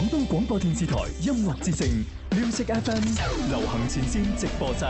廣東廣播電視台音樂之聲，music FM 流行前線直播室。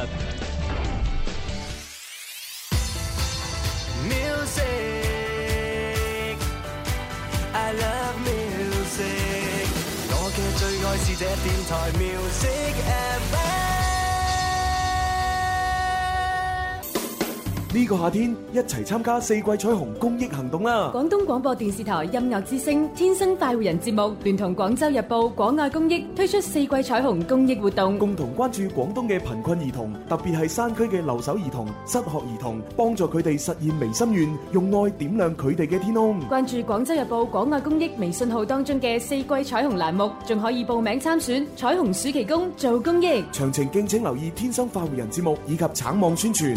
呢個夏天一齊參加四季彩虹公益行動啦！廣東廣播電視台音樂之聲《天生快活人》節目聯同廣州日報廣愛公益推出四季彩虹公益活動，共同關注廣東嘅貧困兒童，特別係山區嘅留守兒童、失學兒童，幫助佢哋實現微心願，用愛點亮佢哋嘅天空。關注廣州日報廣愛公益微信號當中嘅四季彩虹欄目，仲可以報名參選彩虹暑期工做公益。詳情敬請留意《天生快活人》節目以及橙網宣傳。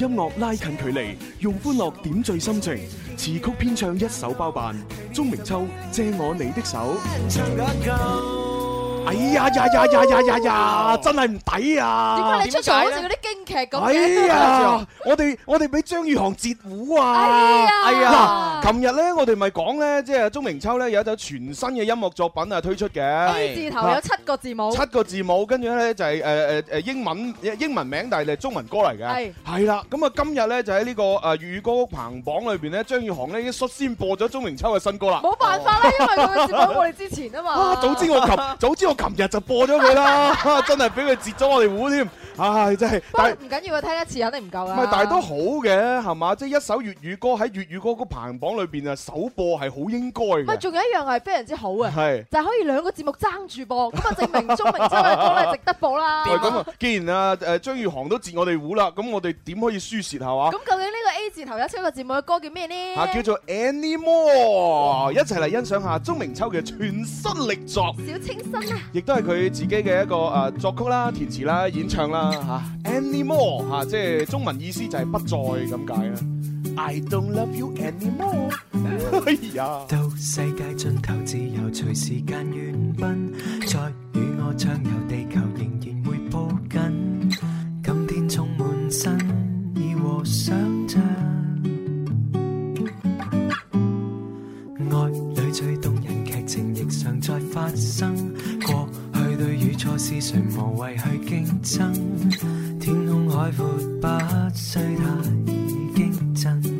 音樂拉近距離，用歡樂點綴心情。詞曲編唱一手包辦，鍾明秋借我你的手。哎呀呀呀呀呀呀！真係唔抵啊！點解你出場好似嗰啲京劇咁？哎呀！我哋我哋俾張宇航截胡啊！哎呀！琴日咧，我哋咪講咧，即係鐘明秋咧有一首全新嘅音樂作品啊推出嘅。A 字頭有七個字母。啊、七個字母，跟住咧就係誒誒誒英文英文名，但係係中文歌嚟嘅。係係啦，咁啊今日咧就喺呢、呢個誒粵語歌曲排行榜裏邊咧，張宇航咧一率先播咗鐘明秋嘅新歌啦。冇辦法啦，oh, 因為我嘅節目之前啊嘛。早知、 啊、我琴早知。我琴日就播咗佢啦，真係俾佢截咗我哋胡添，唉真係。不過唔緊要，聽一次肯定唔夠啦。唔係，但係都好嘅，係嘛？即係一首粵語歌喺粵語歌個排行榜裏邊啊，首播係好應該，唔係仲有一樣係非常之好嘅，係，就係可以兩個節目爭住播，咁啊證明《中明真愛》都係值得播啦。係咁啊，嗯嗯、既然啊誒張宇航都截我哋胡啦，咁我哋點可以輸蝕係嘛？咁究竟呢？A 字頭有七個字母嘅歌叫咩呢吓、啊，叫做 Anymore，一齊嚟欣賞下鍾明秋嘅全新力作《小清新》啊！亦都係佢自己嘅一個誒作曲啦、填詞啦、演唱啦吓。Uh, Anymore 吓、啊，即係中文意思就係不再咁解啦。I don't love you anymore。 哎呀！到世界盡頭，自由隨時間遠奔，再與我暢遊地球。想像，愛裏最動人劇情，亦常在發生。過去對與錯，是誰無謂去競爭？天空海闊，不需太驚震。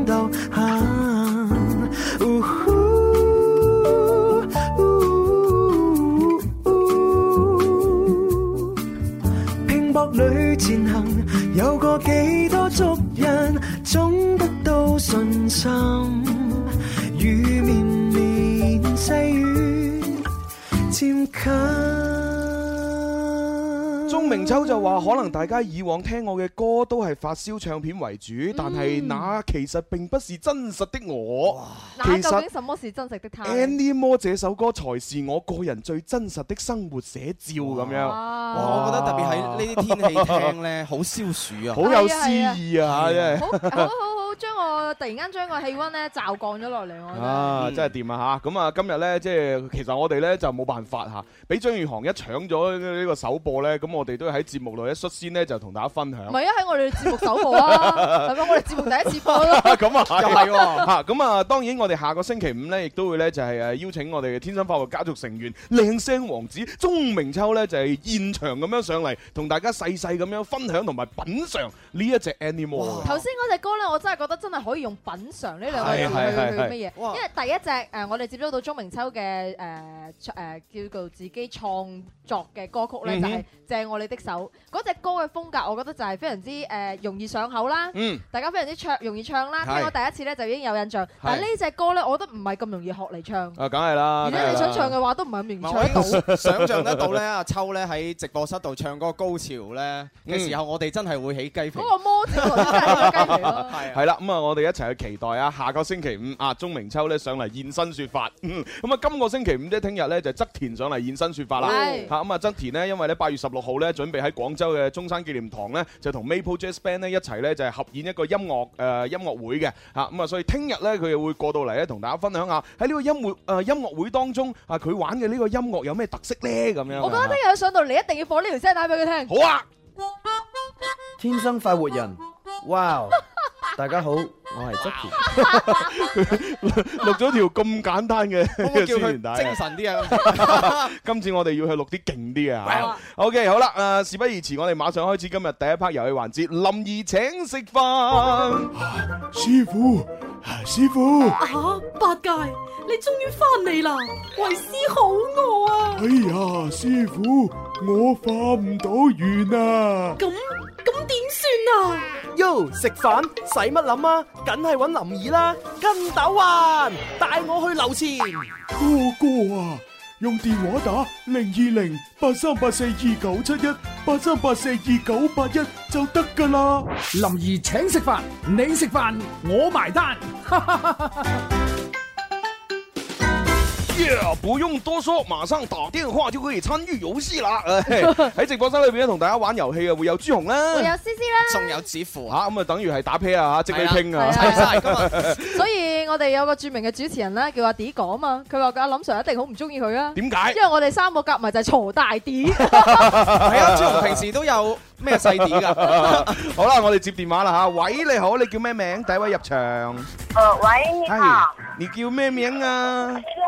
心雨綿綿，細雨漸近。鍾明秋就話，可能大家以往聽我嘅歌都係發燒唱片為主，但係，mm. 那其實並不是真實的我。 其實 那究竟什麼是真實的他？Anymore 這首歌才是我個人最真實的生活寫照咁樣。Wow 哇 oh, 我覺得特別喺呢啲天氣聽咧，好消暑啊，好 託有詩意啊，係 啊。 aus 將我突然間將個氣温咧驟降咗落嚟，我啊，嗯、真係掂啊吓，咁啊，今日咧即係其實我哋咧就冇辦法嚇，俾、啊、張宇航一搶咗呢個首播咧，咁、啊、我哋都喺節目內一率先咧就同大家分享。唔係啊，喺我哋嘅節目首播啊，係咪？ 我哋節目第一次播咯、啊。咁 啊係，係咁啊，啊，當然我哋下個星期五咧，亦都會咧就係、是、誒、啊、邀請我哋嘅天生發育家族成員靚聲王子鐘明秋咧，就係、是、現場咁樣上嚟，同大家細細咁樣分享同埋品嚐呢一隻 animal 哇。頭先嗰隻歌咧，我真係～覺得真係可以用品嚐呢兩個字去去乜嘢？因為第一隻誒，我哋接觸到鍾明秋嘅誒誒叫做自己創作嘅歌曲咧，就係《借我你的手》。嗰隻歌嘅風格，我覺得就係非常之誒容易上口啦。大家非常之唱容易唱啦。聽我第一次咧，就已經有印象。但係呢隻歌咧，我覺得唔係咁容易學嚟唱。啊，梗係啦！如果你想唱嘅話，都唔係咁容易唱得到。想像得到咧，阿秋咧喺直播室度唱歌高潮咧嘅時候，我哋真係會起雞皮。嗰個 m o d 真係起雞皮咯。係。咁啊、嗯，我哋一齊去期待啊！下個星期五啊，鍾明秋咧上嚟現身說法。咁、嗯、啊，今個星期五即係聽日咧，就側田上嚟現身說法啦。係。吓咁啊，側、嗯、田咧，因為咧八月十六號咧，準備喺廣州嘅中山紀念堂咧，就同 Maple Jazz Band 咧一齊咧，就係合演一個音樂誒、呃、音樂會嘅。吓咁啊，所以聽日咧，佢又會過到嚟咧，同大家分享下喺呢個音樂誒、呃、音樂會當中啊，佢玩嘅呢個音樂有咩特色咧？咁樣。我覺得聽日上到，你它們 一定要放呢條聲帶俾佢聽。好啊！天生快活人，哇、wow.！大家好，我係側田，錄咗條咁簡單嘅，可唔可以叫精神啲啊！ 今次我哋要去錄啲勁啲啊！OK，好啦，誒，事不宜遲，我哋馬上開始今日第一 part 遊戲環節，林兒請食飯。師傅、啊，師傅，啊，啊八戒，你終於翻嚟啦，為師好餓啊！哎呀，師傅。我翻唔到完啊！咁咁點算啊？喲，食飯使乜諗啊？梗係搵林兒啦，筋斗雲帶我去樓前。哥哥啊，用電話打零二零八三八四二九七一八三八四二九八一就得噶啦。林兒請食飯，你食飯我埋單。 Yeah, 不用多說，馬上打電話就可以參與遊戲啦！喺 直播室裏邊同大家玩遊戲啊，會有朱紅啦、啊，會有 C C 啦，仲有紙符吓，咁啊等於係打 pair 啊，即係、啊嗯啊啊、拼啊！所以我哋有個著名嘅主持人啦，叫阿 D 哥啊嘛，佢話阿林 sir 一定好唔中意佢啊！點解？因為我哋三個夾埋就嘈大啲。係啊，朱紅平時都有咩細啲噶？ 好啦，我哋接電話啦吓，喂，你好，你叫咩名？第一位入場。喂, Hi, 啊、喂，你叫咩名啊？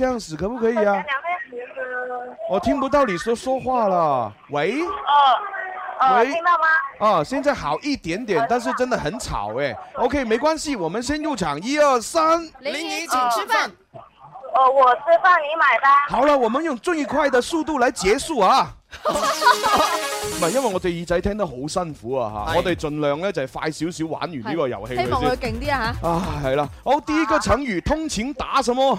這樣子可不可以啊？我、嗯嗯哦，聽不到你說、嗯、說話了。喂。啊、嗯。喂。聽到嗎？啊，現在好一點點，嗯、但是真的很吵哎、嗯。OK，沒關係，我們先入場，一二三。林姨，請吃飯、呃。哦，我吃飯，你買單。好了，我們用最快的速度來結束啊。唔係 因為我哋耳仔聽得好辛苦啊吓， 我哋盡量呢就係、快少少玩完呢個遊戲。希望佢勁啲啊吓。啊，係啦，好、啊、第一個成語通情打什麼？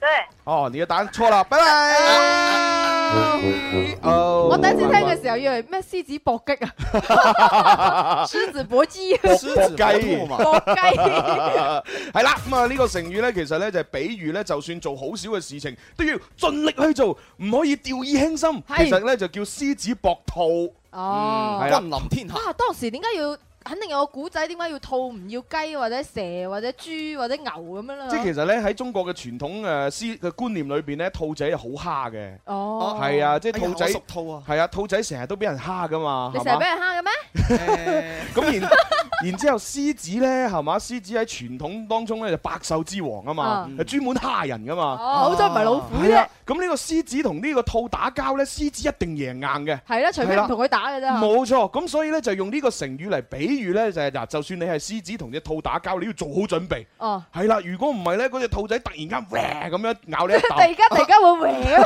對哦，你嘅彈答案錯啦，拜拜！啊啊啊哦、我第一次聽嘅時候以為咩獅子搏擊啊獅子雞雞雞雞、嗯，獅子搏擊，獅子雞搏雞，係啦咁啊！呢個成語咧，其實咧就係比喻咧，就算做好少嘅事情，都要盡力去做，唔可以掉以輕心。其實咧就叫獅子搏兔哦，君臨、嗯、天下。哇、啊，當時點解要？肯定有個古仔，點解要兔唔要雞，或者蛇，或者豬，或者牛咁樣啦？即係其實咧喺中國嘅傳統誒思嘅觀念裏邊咧，兔仔係好蝦嘅。哦，係啊，即係兔仔、哎、熟兔啊，係啊，兔仔成日都俾人蝦噶嘛，你成日俾人蝦嘅咩？咁、 欸、 然。 然之後，獅子咧係嘛？獅子喺傳統當中咧就百獸之王啊嘛，係專門蝦人噶嘛。哦，真唔係老虎啊！咁呢個獅子同呢個兔打交咧，獅子一定贏硬嘅。係啦，除非唔同佢打嘅啫。冇錯，咁所以咧就用呢個成語嚟比喻咧就係嗱，就算你係獅子同隻兔打交，你要做好準備。哦。係啦，如果唔係咧，嗰隻兔仔突然間搲咁樣咬你一啖。突然間，突然間會搲。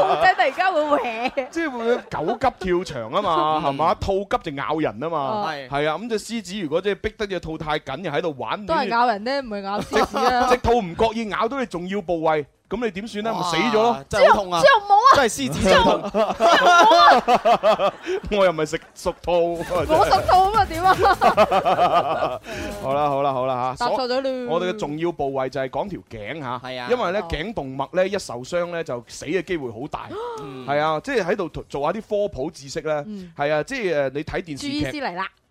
兔仔突然間會搲。即係會狗急跳牆啊嘛，係嘛？兔急就咬人啊嘛。係。係啊，咁隻獅子如果即係逼得隻兔太緊，又喺度玩，都係咬人咧，唔係咬獅子啊！隻兔唔覺意咬到你重要部位，咁你點算咧？咪死咗咯，真係痛啊！真係獅子，我又唔係食熟兔，冇熟兔咁啊點啊？好啦好啦好啦嚇，我哋嘅重要部位就係講條頸嚇，因為咧頸動脈咧一受傷咧就死嘅機會好大，係啊，即係喺度做下啲科普知識咧，係啊，即係誒你睇電視劇嚟啦。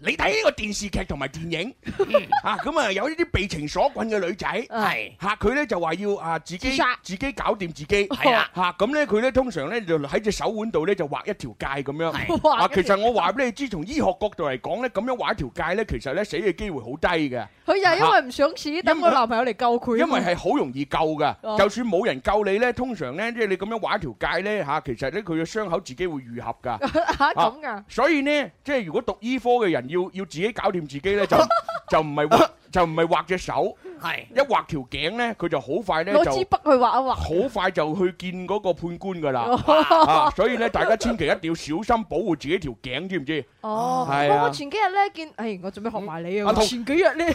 你睇呢個電視劇同埋電影，啊咁啊有呢啲被情所困嘅女仔，係嚇佢咧就話要啊自己自己搞掂自己，係啦嚇咁咧佢咧通常咧就喺隻手腕度咧就畫一條界咁樣，啊其實我話俾你知，從醫學角度嚟講咧，咁樣畫一條界咧，其實咧死嘅機會好低嘅。佢又係因為唔想死，等個男朋友嚟救佢。因為係好容易救噶，就算冇人救你咧，通常咧即係你咁樣畫一條界咧嚇，其實咧佢嘅傷口自己會愈合㗎。嚇咁㗎？所以咧即係如果讀醫科嘅人。要要自己搞掂自己咧，就就唔係就唔係畫隻手，係一畫條頸咧，佢就好快咧就，攞支筆去畫一畫，好快就去見嗰個判官噶啦。所以咧，大家千祈一定要小心保護自己條頸，知唔知？哦，係，我我前幾日咧見，哎，我準備學埋你啊？前幾日咧，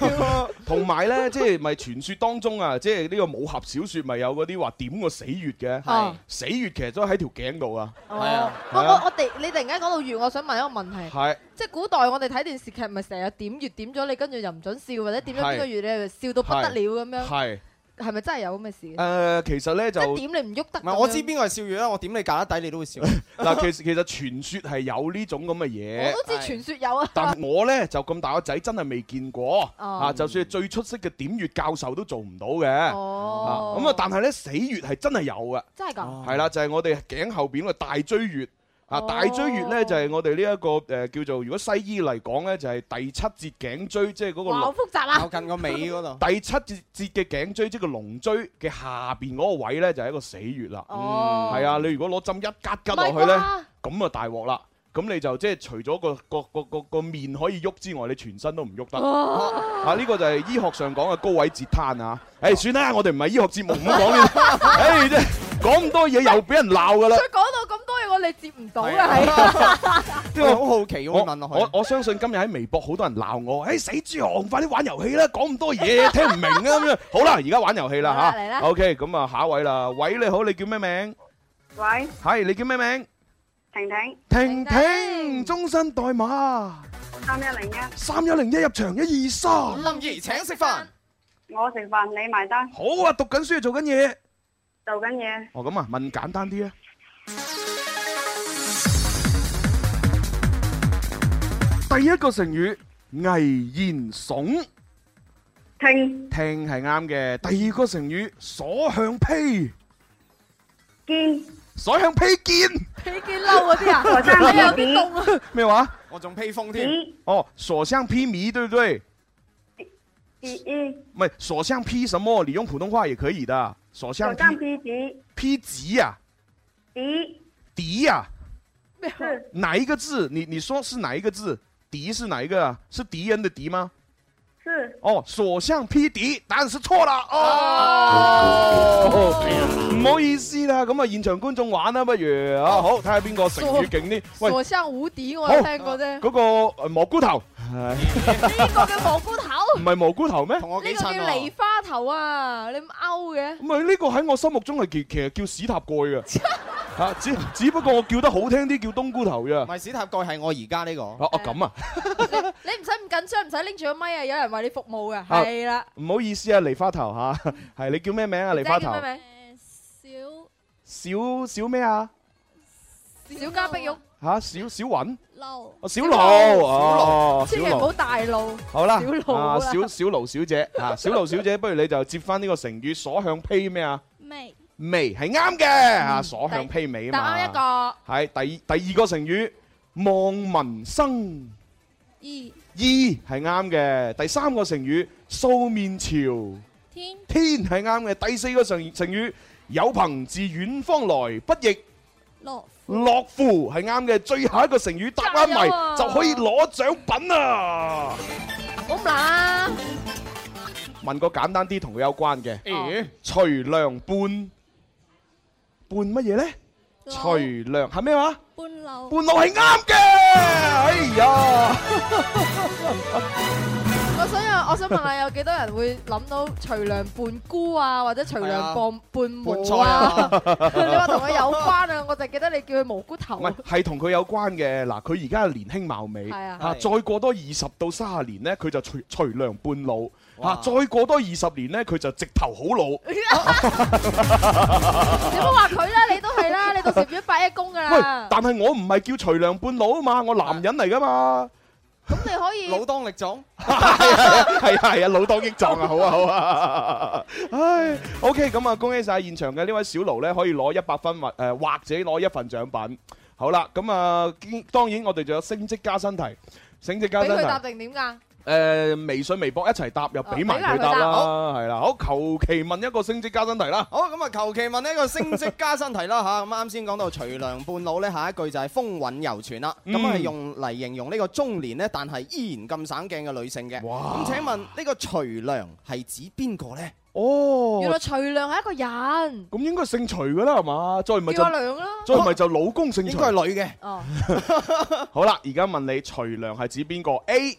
同埋咧，即係咪傳說當中啊，即係呢個武俠小說咪有嗰啲話點個死穴嘅？係死穴其實都喺條頸度啊。係啊。我我我哋你突然間講到穴，我想問一個問題。係。即係古代我哋睇電視劇，咪成日點穴點咗你，跟住又唔準笑，或者點咗邊個穴你笑到不得了咁樣。係係咪真係有咁嘅事？誒，uh, 其實咧就點你唔喐得。唔我這樣 知邊個係笑穴啦，我點你胳肋底，你都會笑。嗱， 其實其實傳說係有呢種咁嘅嘢。我都知傳說有啊是。 但係我咧就咁大個仔，真係未見過。Oh. 啊，就算最出色嘅點穴教授都做唔到嘅。哦。咁啊，但係咧死穴係真係有㗎。真係㗎？係啦，就係、是、我哋頸後邊個大椎穴。啊，大椎穴咧就係、是、我哋呢一個誒、呃、叫做，如果西醫嚟講咧就係、是、第七節頸椎，即係嗰個好複雜啦、靠近個尾嗰度，啊、第七節節嘅頸椎， 即個龍椎嘅下邊嗰個位咧就係、是、一個死穴啦。哦，係啊，你如果攞針一拮拮落去咧，咁啊大鑊啦，咁你就即係、就是、除咗個個個個個，個面可以喐之外，你全身都唔喐得。哦、 啊，呢、這個就係醫學上講嘅高位截癱啊。誒、欸，哇 算啦，我哋唔係醫學節目唔好講呢。誒， 即係講咁多嘢又俾人鬧噶啦。.你接唔到啊！真係好好奇，我我我相信今日喺微博好多人鬧我，哎死豬行，快啲玩遊戲啦，講咁多嘢聽唔明啊！好啦，而家玩遊戲啦吓，嚟啦，OK，咁啊下一位啦，喂你好，你叫咩名？喂，係你叫咩名？婷婷，婷婷，終身代碼，三一零一，三一零一入場，一二三，林怡，請食飯，我食飯你埋單，好啊，讀緊書做緊嘢，做緊嘢，哦咁啊，問簡單啲啊。第一個成語危言聳聽，聽係啱嘅。第二個成語所向披肩，所向披肩，披肩嬲嗰啲啊。我有啲凍啊。咩話？我仲披風添。哦，所向披靡，對唔對？咦唔係所向披什麼？你用普通話也可以的。所向披子，披棘呀？敵敵呀？是哪一個字？你你說是哪一個字？敵是哪一個啊？是敵人的敵嗎？哦，所向披敵，答案是錯了哦，唔好意思啦，咁啊現場觀眾玩啦，不如啊好，睇下邊個成語勁啲。所向無敵，我聽過啫。嗰個蘑菇頭，呢個叫蘑菇頭，唔係蘑菇頭咩？同我幾襯啊。呢個叫梨花頭啊，你咁勾嘅。唔係呢個喺我心目中係其其實叫屎塔蓋啊！吓只只不過我叫得好聽啲叫冬菇頭啫。唔係屎塔蓋係我而家呢個。哦哦咁啊，你唔使咁緊張，唔使拎住個咪啊，有人。為你服務嘅係啦，唔好意思啊，梨花頭吓，係你叫咩名啊？梨花頭？小小小咩啊？小家碧玉吓，小小雲？小盧哦，小盧哦，千祈唔好大路。好啦，小小盧小姐啊，小盧小姐，不如你就接翻呢個成語，所向披咩啊？微微係啱嘅吓，所向披靡嘛。答啱一個係，第第二個成語，望民生。二係啱嘅，第三個成語素面朝天係啱嘅，第四個成成語有朋自遠方來不亦樂乎係啱嘅，最後一個成語答啱埋就可以攞獎品啊！好唔難啊！問個簡單啲同佢有關嘅，除涼半半乜嘢呢？除涼係咩話？半老，半路係啱嘅。哎呀， 我想啊，我想問下有幾多人會諗到徐良半姑啊，或者徐良半半母啊？菜啊 你話同佢有關啊？我就記得你叫佢蘑菇頭。係同佢有關嘅。嗱，佢而家年輕貌美，吓再過多二十到三十年呢，佢就徐徐良半老，吓、哇、啊、再過多二十年 呢，佢就直頭好老。你都話佢啦，你。你到時要發一公噶啦。喂，但係我唔係叫徐娘半老啊嘛，我男人嚟噶嘛。咁、嗯、你可以。 老當力壯。係 啊係啊，啊，啊，老當益壯 啊！好啊好啊。 唉，OK，咁、嗯、啊，恭喜晒現場嘅呢位小盧咧，可以攞一百分或誒、呃、或者攞一份獎品。好啦、啊，咁、嗯、啊、嗯，當然我哋仲有升職加薪題，升職加薪題。俾佢答定點㗎？誒、呃，微信、微博一齊答，又俾埋佢答啦，係啦好，好求其問一個升職加薪題啦，好咁啊，求其問一個升職加薪題啦吓，咁啱先講到徐娘半老咧，下一句就係風韻猶存啦，咁係、嗯、用嚟形容呢個中年咧，但係依然咁省鏡嘅女性嘅。哇！咁請問呢、這個徐娘係指邊個咧？哦，原來徐娘係一個人，咁應該姓徐噶啦，係嘛？再唔係就徐娘啦，再唔係就老公姓徐，應該係女嘅。哦， 好啦，而家問你徐娘係指邊個？A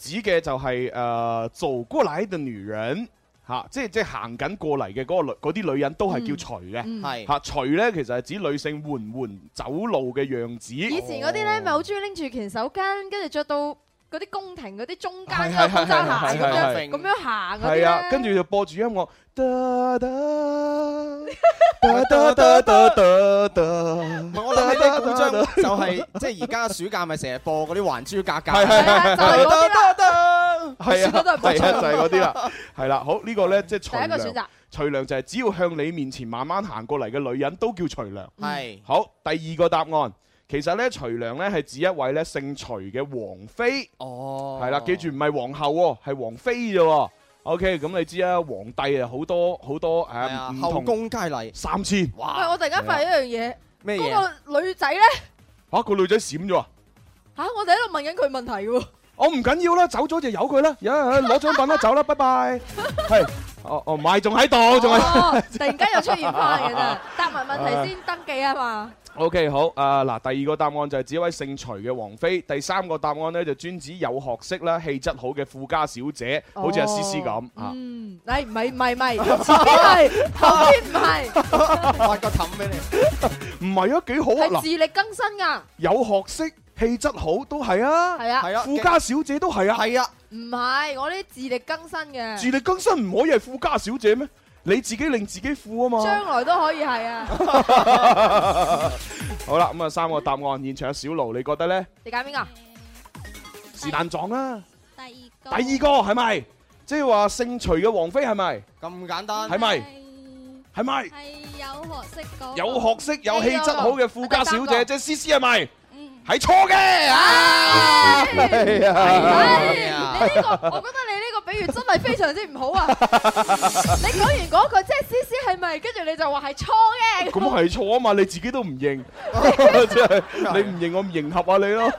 指嘅就係、是、誒、呃、做過嚟嘅女人嚇、啊，即係即係行緊過嚟嘅嗰個女啲女人都係叫徐嘅，係嚇。徐咧，其實係指女性緩緩走路嘅樣子。以前嗰啲咧咪好中意拎住拳手巾，跟住着到嗰啲宮廷嗰啲中間嗰啲高跟鞋咁樣咁、啊、樣行嗰啲、啊、跟住就播住音樂。噠噠噠噠噠噠噠，唔就係即係而家暑假咪成日播嗰啲還珠格格，係係係，就係嗰啲啦，係 啊，絕 對係嗰啲啦，係啦。好呢、這個咧即係徐娘，徐娘就係只要向你面前慢慢行過嚟嘅女人都叫徐娘、 嗯，係好。第二個答案其實咧徐娘咧係指一位咧姓徐嘅王妃，哦， 係、oh、啦，記住唔係皇后係 王妃咋。O.K. 咁你知啦，皇帝啊好多好多誒，後宮佳麗三千，哇！我突然間發現一樣嘢。咩嘢？嗰個女仔咧？吓，個女仔閃咗啊！吓，我哋喺度問緊佢問題嘅喎。我唔緊要啦，走咗就由佢啦，攞獎品啦，走啦，拜拜。係，哦哦，唔係，仲喺度，仲係。突然間又出現翻嘅咋？答埋問題先登記啊嘛。O、okay, K 好，啊、呃、嗱，第二個答案就係只一位姓徐嘅王妃，第三個答案咧就專指有學識啦、氣質好嘅富家小姐，哦、好似阿詩詩咁啊。嗯，你唔係唔係唔係，前邊係，後邊唔係。發個氹俾你，唔係啊，幾好啊，嗱，自力更生噶，有學識、氣質好都係啊，係啊，啊富家小姐都係啊，係啊，唔係、啊、我啲自力更生嘅，自力更生唔可以係富家小姐咩？你自己令自己富啊嘛，將來都可以係啊。好啦，咁啊三個答案，現場阿小盧，你覺得咧？你揀邊個？是但撞啦。第二個。第二個係咪？即係話姓徐嘅王菲係咪？咁簡單。係咪？係咪？係有學識個。有學識、有氣質好嘅富家小姐，即係詩詩係咪？嗯。係錯嘅啊。係啊。你呢個，我覺得。比如真係非常之唔好啊！ 你講完嗰、那、句、個，即係 C C 係咪？跟住你就話係錯嘅。咁係錯啊嘛！你自己都唔認，即係、 就是、你唔認，我唔迎合下、啊、你咯。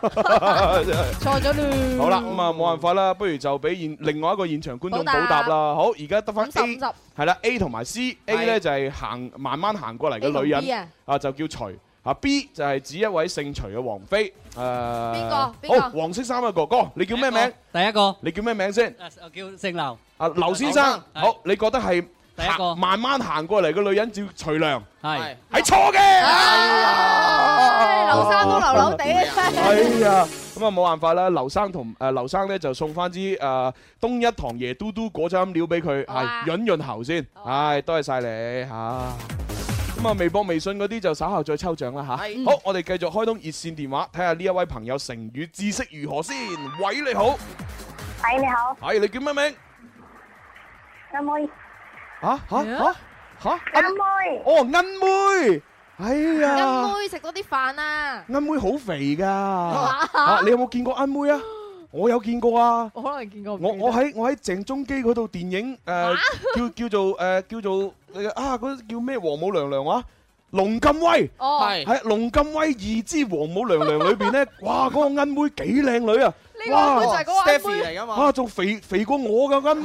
錯 咗、就是、啦！好啦，咁啊冇辦法啦，不如就俾現另外一個現場觀眾補答啦。答好，而家得翻三集，係啦，A 同埋 C，A 咧就係行慢慢行過嚟嘅女人啊，啊，就叫徐。啊 B 就係指一位姓徐嘅王妃，誒，邊個？邊個？好，黃色衫嘅哥哥，你叫咩名？第一個。你叫咩名先？我叫姓劉。啊，劉先生，好，你覺得係第一個？慢慢行過嚟嘅女人叫徐良，係，係錯嘅，啊，劉生都老老哋，哎呀，咁啊冇辦法啦，劉生同誒劉生咧就送翻支誒東一堂椰嘟嘟果汁飲料俾佢，係潤潤喉先，唉，多謝晒你吓。咁啊，微博微信嗰啲就稍後再抽獎喇吓，好，我哋繼續開通熱線電話，睇下呢一位朋友成語知識如何先。喂，你好，喂，你好，喂，你叫咩名？阿妹？吓吓吓吓，阿妹。哦，阿妹。哎呀，阿妹食多啲飯啊。阿妹好肥㗎，你有冇見過阿妹啊？ 我有見過啊！我可能見過。我我喺我喺鄭中基嗰套電影誒叫叫做誒叫做啊嗰叫咩《皇母娘娘》哇？龍咁威哦，係係《龍咁威二之皇母娘娘》裏邊咧，哇！嗰個奀妹幾靚女啊！哇！Stephy 嚟㗎嘛？啊仲肥肥過我嘅奀妹，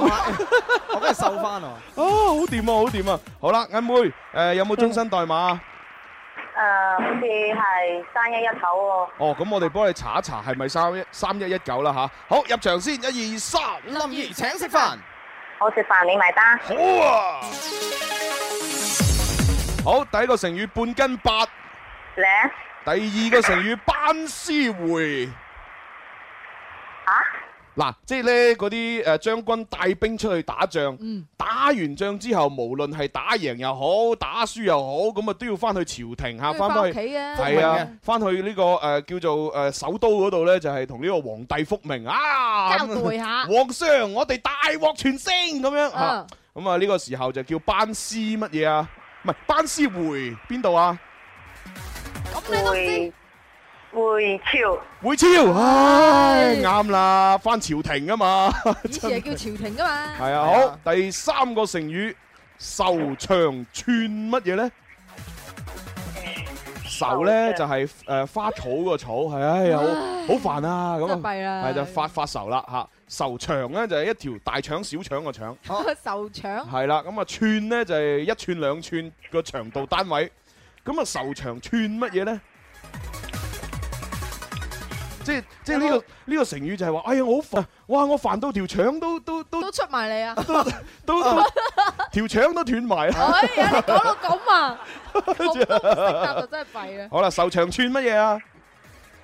我梗係瘦翻啦！啊好掂啊好掂啊！好啦，奀妹誒有冇終身代碼？誒，uh, 好似係三一一九喎。哦，咁、哦、我哋幫你查一查係咪三一三一一九啦吓。好，入場先一二三，林六二，請食飯。我食飯，你埋單。 好啊。好，第一個成語半斤八。咩、啊？第二個成語 班師回。啊？嗱、啊，即係咧，嗰啲誒將軍帶兵出去打仗，嗯、打完仗之後，無論係打贏又好，打輸又好，咁啊都要翻去朝廷吓，翻翻屋企啊，係啊，翻去呢個誒、呃、叫做誒、呃、首都嗰度咧，就係同呢個皇帝復命。啊，交待下，皇上，我哋大獲全勝咁樣吓，咁啊呢、啊啊、個時候就叫班師乜嘢啊？唔係班師回邊度啊？咁你都知。嗯回朝，回朝，啱啦，翻朝廷啊嘛，以前係叫朝廷噶嘛，係啊，好，第三個成語，愁長寸乜嘢咧？愁咧就係誒花草個草，係啊，好好煩啊，咁啊，係就發發愁啦吓，愁長咧就係一條大腸小腸個腸，愁長係啦，咁啊寸咧就係一寸兩寸個長度單位，咁啊愁長寸乜嘢咧？即係即係呢個呢個成語就係話，哎呀我好煩，哇我煩到條腸都都都都出埋你啊，都都都條腸都斷埋啦，講到咁啊，食夾就真係弊啦。好啦，受長寸乜嘢啊？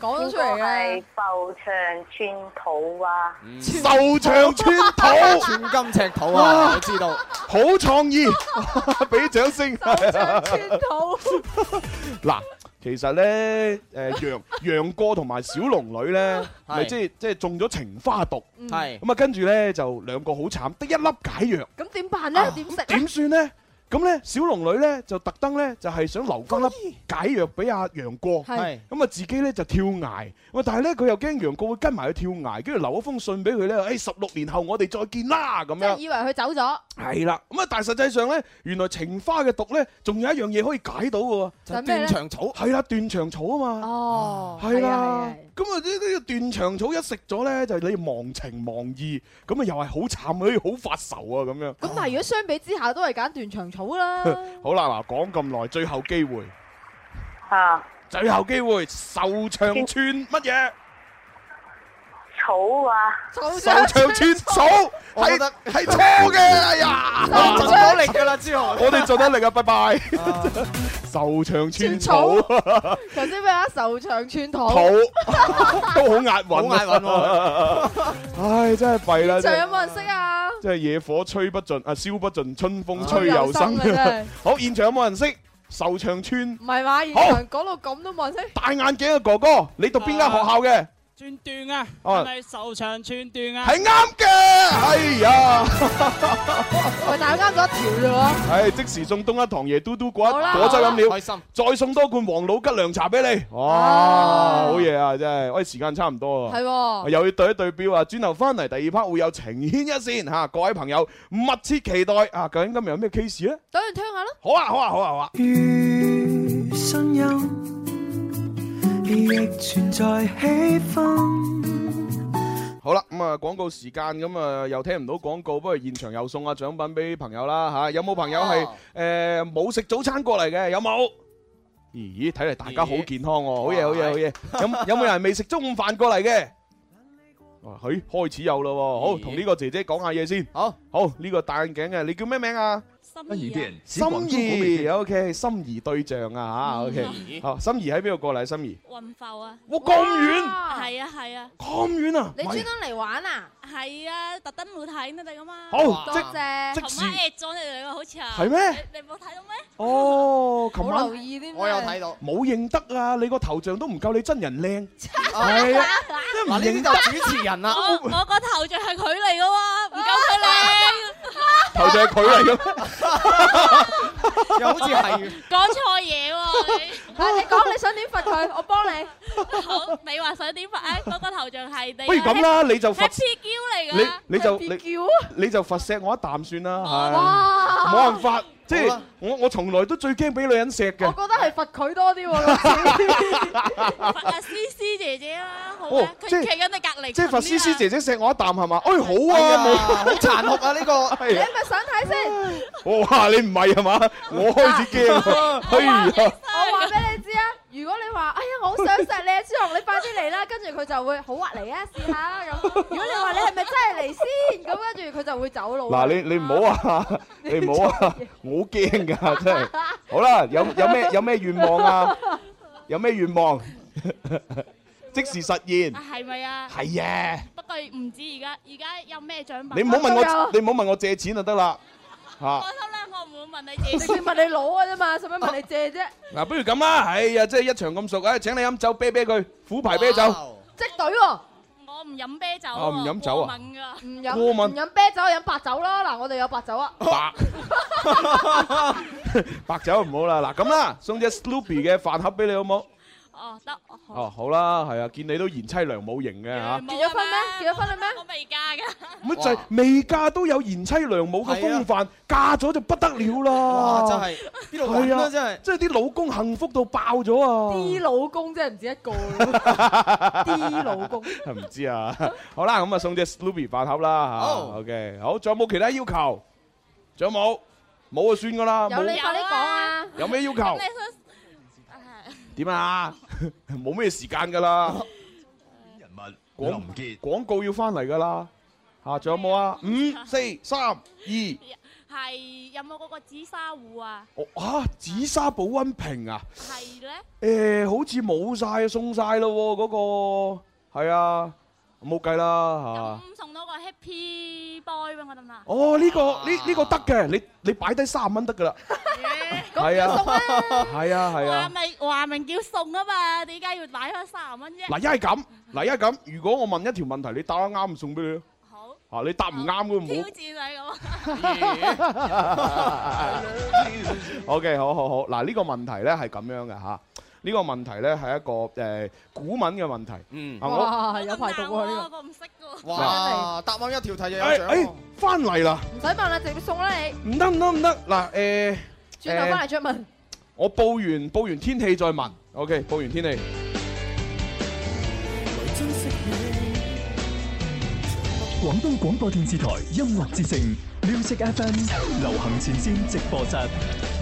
講咗出嚟啊，受長寸土啊！受長寸土，寸金尺土啊，我知道，好創意，俾掌聲。寸土嗱。其實咧，誒楊楊過同埋小龍女咧，咪即係即係中咗情花毒，咁啊跟住咧就兩個好慘，得一粒解藥，咁點辦咧？點食啊？點算咧？啊 咁咧，小龍女咧就特登咧就係、是、想留翻粒解藥俾阿楊過，咁啊是自己咧就跳崖。哇！但係咧佢又驚楊過會跟埋去跳崖，跟住留一封信俾佢咧。誒，十、hey, 六年後我哋再見啦咁樣。即係以為佢走咗。係啦，咁啊但係實際上咧，原來情花嘅毒咧，仲有一樣嘢可以解到嘅。就咩咧？斷腸草係啦，斷腸草啊嘛。哦。係啦。咁啊呢呢個斷腸草一食咗咧，就係你忘情忘義，咁啊又係好慘，可以好發愁啊咁樣。咁但係如果相比之下，都係揀斷腸草。好啦，好啦，嗱，講咁耐，最後機會，啊，最後機會，壽長村乜嘢？草啊！愁腸寸草，係係唱嘅，哎呀，盡咗力噶啦，志豪，我哋盡咗力啊，拜拜。愁腸寸草，頭先咩啊？愁腸寸草，草都好押韻啊，唉，真係廢啦。現場有冇人識啊？即係野火吹不盡，啊，燒不盡，春風吹又生。好，現場有冇人識愁腸寸？唔係嘛，現場講到咁都冇人識。戴眼鏡嘅哥哥，你讀邊間學校嘅？寸斷啊，係咪愁腸寸斷啊？係啱嘅，哎呀，我打啱咗一條啫喎，係即時送東一堂椰嘟嘟果果汁飲料，開心，再送多罐王老吉涼茶俾你，哇，好嘢啊真係，喂，時間差唔多啦，係，又要對一對錶啊，轉頭翻嚟第二 part 會有情牽一線吓，各位朋友密切期待啊，究竟今日有咩 case 咧？等你聽下咯，好啊好啊好啊。亦存在氣氛。好啦，咁啊廣告時間，咁啊又聽唔到廣告，不如現場又送下獎品俾朋友啦吓。有冇朋友係誒冇食早餐過嚟嘅？有冇？咦，睇嚟大家好健康哦，好嘢好嘢好嘢。咁有冇人未食中午飯過嚟嘅？啊，嘿開始有啦，好，同呢個姐姐講下嘢先。好，好，呢個戴眼鏡嘅，你叫咩名啊？心儀啲人，心儀，O K，心儀對象啊，吓，O K，好，心儀喺邊度過嚟？心儀，雲浮啊，我咁遠，係啊係啊，咁遠啊，你專登嚟玩啊？係啊，特登嚟睇你哋噶嘛，好，多謝，琴晚約咗你哋噶，好似啊，係咩？你冇睇到咩？哦，琴晚留意啲，我有睇到，冇認得啊，你個頭像都唔夠你真人靚，係啊，即係唔認得主持人啦，我個頭像係佢嚟噶喎，唔夠佢靚。頭像係佢嚟嘅，又好似係講錯嘢喎，啊！係你講你想點罰佢，我幫你。好，你話想點罰？誒，嗰個頭像係你。不如咁啦，你就罰錫我一啖算啦。不如咁啦，你啦，你就你就你就罰。不如咁啦，你啦，你就冇辦法，即係我我從來都最驚俾女人錫嘅。我覺得係罰佢多啲喎。阿思思姐姐啊，好啊，佢企緊你隔籬，即係罰思思姐姐錫我一啖係嘛？哎好啊，好殘酷啊呢個。你係咪想睇先？哇，你唔係係嘛？我開始驚。哎呀！我話俾你。知、哎、啊！如果你話哎呀，我好想錫你啊，朱紅，你快啲嚟啦！跟住佢就會好滑嚟啊，試下咁。如果你話你係咪真係嚟先？咁跟住佢就會走路。嗱，你你唔好啊， 你唔好啊，我驚噶，真係。好啦，有有咩有咩願望啊？有咩願望 即時實現？係咪啊？係啊。不過唔知而家，而家有咩獎品？你唔好問我，啊、你唔好問我借錢就得啦。開頭咧，我唔會問你借，直接問你攞嘅啫嘛，使乜問你借啫？嗱，不如咁啦，哎呀，即係一場咁熟，哎，請你飲酒啤啤佢，虎牌啤酒。即隊喎，我唔飲啤酒。啊，唔飲酒啊？過敏噶。過敏。唔飲啤酒，飲白酒啦。嗱，我哋有白酒啊。白。白酒唔好啦。嗱，咁啦，送隻 Snoopy 嘅飯盒俾你好冇？哦，得哦，好啦，係啊，見你都賢妻良母型嘅吓，結咗婚咩？結咗婚啦咩？我未嫁噶，咪就係未嫁都有賢妻良母嘅風範，嫁咗就不得了啦。哇，真係邊度講啦，真係，即係啲老公幸福到爆咗啊！啲老公真係唔止一個，啲老公係唔知啊。好啦，咁啊送隻 Stumpy 飯盒啦吓，OK，好，仲有冇其他要求？仲有冇？冇啊，算噶啦。有你快啲講啊！有咩要求？點啊！冇 咩時間噶啦，人物廣唔結廣告要翻嚟噶啦，吓仲有冇啊？五、啊、四、三、二，係有冇嗰個紫砂壺啊？吓、哦啊、紫砂保溫瓶啊？係咧呢？誒、欸，好似冇晒，送晒咯，嗰個係啊。嗰個冇計啦，吓咁送多個 Happy Boy 俾我得唔得？哦，呢個呢呢個得嘅，你你擺低三十蚊得噶啦，係啊，係啊，係啊，話明話明叫送啊嘛，你而家要擺開三十蚊啫。嗱，一係咁，嗱一係咁，如果我問一條問題，你答得啱，送俾你咯。好，吓你答唔啱都唔好。挑戰嚟噶嘛？OK，好好好，嗱呢個問題咧係咁樣嘅吓。呢個問題咧係一個誒、呃、古文嘅問題。嗯，我哇，有排讀啊呢、這個，我唔識喎。哇，答案一條題就有獎。哎，翻嚟啦！唔使問啦，直接送啦你。唔得唔得唔得，嗱誒，轉頭翻嚟再問。我報完報完天氣再問。O、okay, K，報完天氣。廣東廣播電視台音樂之聲 music FM》M, 流行前線直播室。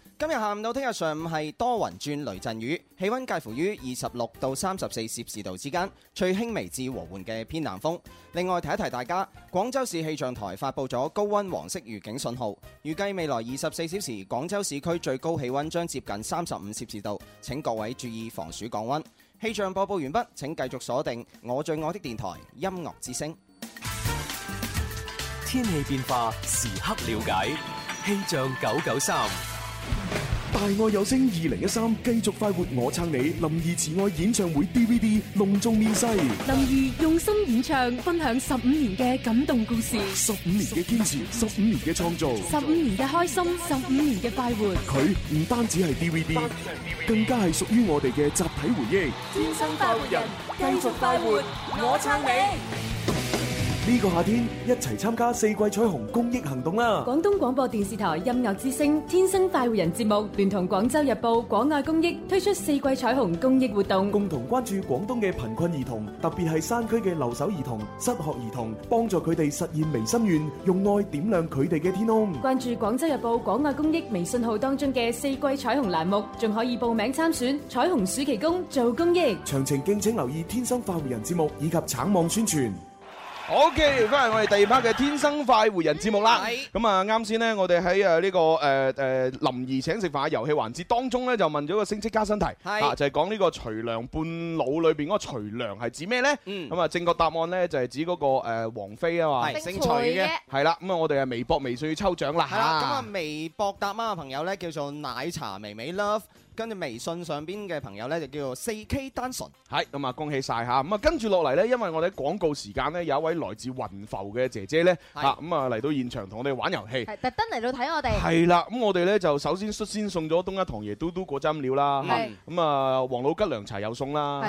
今日下午到聽日上午係多雲轉雷陣雨，氣溫介乎於二十六到三十四攝氏度之間，吹輕微至和緩嘅偏南風。另外提一提大家，廣州市氣象台發佈咗高温黃色預警信號，預計未來二十四小時廣州市區最高氣溫將接近三十五攝氏度，請各位注意防暑降温。氣象播報完畢，請繼續鎖定我最愛的電台音樂之聲，天氣變化時刻了解，氣象九九三。大愛有聲，二零一三繼續快活，我撐你林儀慈愛演唱會 DVD 隆重面世，林儀用心演唱，分享十五年嘅感動故事，十五年嘅堅持，十五年嘅創造，十五年嘅開心，十五年嘅快活。佢唔單止係 DVD，更加係屬於我哋嘅集體回憶。天生快活人，繼續快活，我撐你。呢個夏天一齊參加四季彩虹公益行動啦！廣東廣播電視台音樂之聲《天生快活人》節目聯同廣州日報廣愛公益推出四季彩虹公益活動，共同關注廣東嘅貧困兒童，特別係山區嘅留守兒童、失學兒童，幫助佢哋實現微心願，用愛點亮佢哋嘅天空。關注廣州日報廣愛公益微信號當中嘅四季彩虹欄目，仲可以報名參選彩虹暑期工做公益。詳情敬請留意《天生快活人》節目以及橙網宣傳。好嘅，翻嚟、okay, 我哋第二 part 嘅天生快活人節目啦。咁啊、嗯，啱先、嗯、呢，我哋喺啊呢個誒誒、呃呃、林兒請食飯嘅遊戲環節當中咧，就問咗個升職加薪題，是啊就係、是、講呢個徐良半腦裏邊嗰個徐良係指咩咧？咁啊、嗯嗯、正確答案咧就係、是、指嗰、那個、呃、王菲啊嘛，姓徐嘅。係啦，咁啊我哋啊微博微信要抽獎啦。係啦、啊，咁啊微博答碼嘅朋友咧叫做奶茶微微 love。跟住微信上邊嘅朋友咧，就叫做四 K 單純。係咁啊，恭喜晒吓，咁啊跟住落嚟咧，因為我哋廣告時間咧，有一位來自雲浮嘅姐姐咧，吓咁是啊嚟、嗯、到現場同我哋玩遊戲，特登嚟到睇我哋。係啦，咁、嗯、我哋咧就首先率先送咗東家堂爺嘟嘟果汁料啦，咁啊王是、嗯、老吉涼茶又送啦，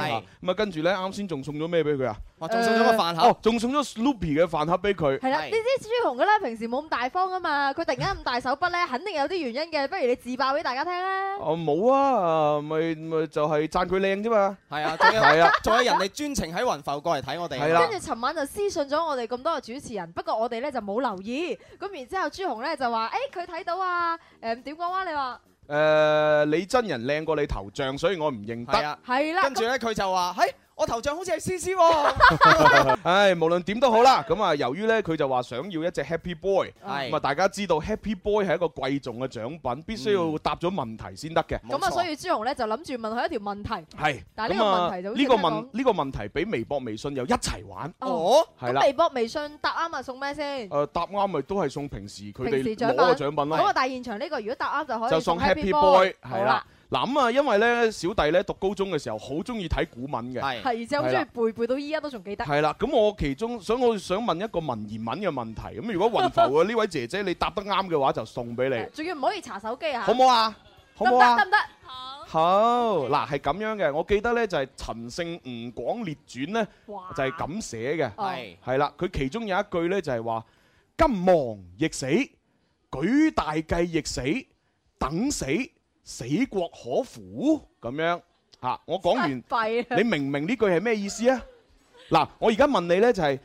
咁啊跟住咧啱先仲送咗咩俾佢啊？仲送咗個飯盒，仲、呃哦、送咗 Loopy 嘅飯盒俾佢。係啦，呢啲朱紅噶啦，平時冇咁大方啊嘛，佢突然間咁大手筆咧，肯定有啲原因嘅，不如你自爆俾大家聽啦。我冇啊。哇！咪咪就係讚佢靚啫嘛，係啊，係 啊，仲有人哋專程喺雲浮過嚟睇我哋。係啦，跟住尋晚就私信咗我哋咁多個主持人，不過我哋咧就冇留意。咁然之後朱紅咧就話：，誒、哎，佢睇到啊，誒、嗯，點講啊？你話，誒、呃，你真人靚過你頭像，所以我唔認得啊。係啦、啊，啊、跟住咧佢就話，喺、哎。我頭像好似係 C C 喎，唉，無論點都好啦。咁啊，由於咧佢就話想要一隻 Happy Boy，咁啊大家知道 Happy Boy 係一個貴重嘅獎品，必須要答咗問題先得嘅。咁啊，所以朱融咧就諗住問佢一條問題。係，但係呢個問題就呢個問呢個問題俾微博微信又一齊玩。哦，係啦，微博微信答啱啊送咩先？誒，答啱咪都係送平時佢哋攞嘅獎品啦。咁啊大現場呢個如果答啱就可以就送 Happy Boy，係啦。嗱咁啊，因為咧小弟咧讀高中嘅時候好中意睇古文嘅，係，係，而且好中意背背到依家都仲記得。係啦，咁我其中想我想問一個文言文嘅問題，咁如果雲浮啊呢位姐姐你答得啱嘅話，就送俾你。仲要唔可以查手機啊？好唔好啊？好唔得？得唔得？好。好嗱，係咁樣嘅，我記得咧就係《陳勝吳廣列傳》咧，就係咁寫嘅，係係啦。佢其中有一句咧就係話：今亡亦死，舉大計亦死，等死，死國可乎，咁樣吓，我講完。你明唔明呢句係咩意思啊？嗱，我而家問你咧就係、是、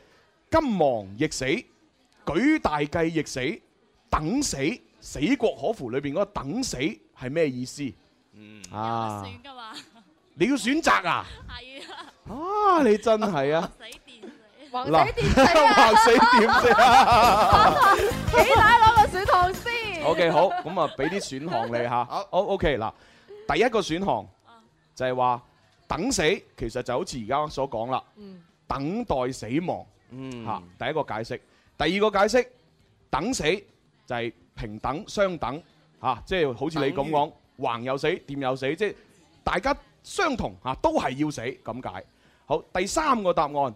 今亡亦死，舉大計亦死，等死，死國可乎，裏邊嗰個等死係咩意思？嗯啊，你要選擇啊？係啊！你真係啊！死掂死，橫死掂死，死掂死啊！幾大老？ O、okay, K，好，咁啊，俾啲選項你嚇。好，O K，嗱，第一個選項就係話等死，其實就好似而家所講啦，嗯、等待死亡嚇。嗯、第一個解釋，第二個解釋，等死就係平等相等嚇、啊，即係好似你咁講等，橫又死，掂又死，即係大家相同嚇、啊，都係要死咁解。好，第三個答案，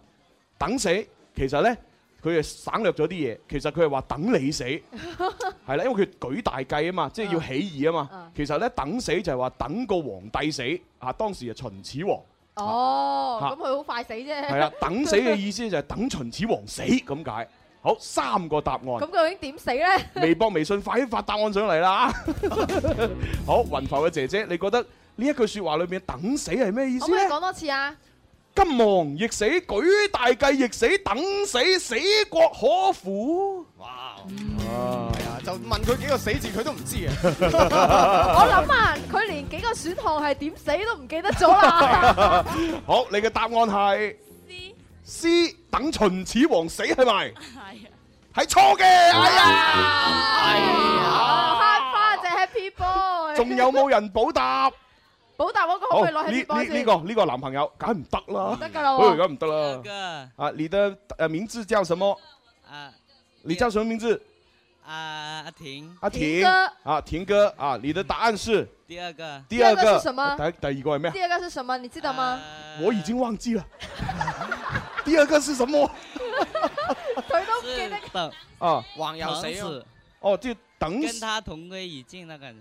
等死其實呢。佢係省略咗啲嘢，其實佢係話等你死，係啦， 因為佢舉大計啊嘛，即係要起義啊嘛。 其實咧等死就係話等個皇帝死，啊當時係秦始皇。哦，咁佢好快死啫。係啦，等死嘅意思就係等秦始皇死咁解、這個。好，三個答案、嗯。咁究竟點死咧？ 微博、微信快啲發答案上嚟啦！好，雲浮嘅姐，姐姐，你覺得呢一句說話裏面等死係咩意思咧？ 可唔可以講多次啊？今亡亦死，舉大計亦死，等死死國可乎？哇！嗯、啊！就問佢幾個死字，佢都唔知 啊！我諗啊，佢連幾個選項係點死都唔記得咗啦！ 好，你嘅答案係 C? C，等秦始皇死係咪？係啊，係錯嘅！哎呀 Happy Happy Boy，仲有冇人補答？ 好大嗰個可以攞呢個呢個男朋友，梗唔得啦，得噶啦，而家唔得啦。啊，你的誒名字叫什麼？啊，你叫什麼名字？啊，阿婷。阿婷。阿婷哥。啊，婷哥。啊，你的答案是第二個。第二個是什麼？第第一個係咩？第二個是什麼？你記得嗎？我已經忘記了。第二個是什麼？腿都唔記得。啊，網友死。哦，就等死。跟他同歸於盡那感覺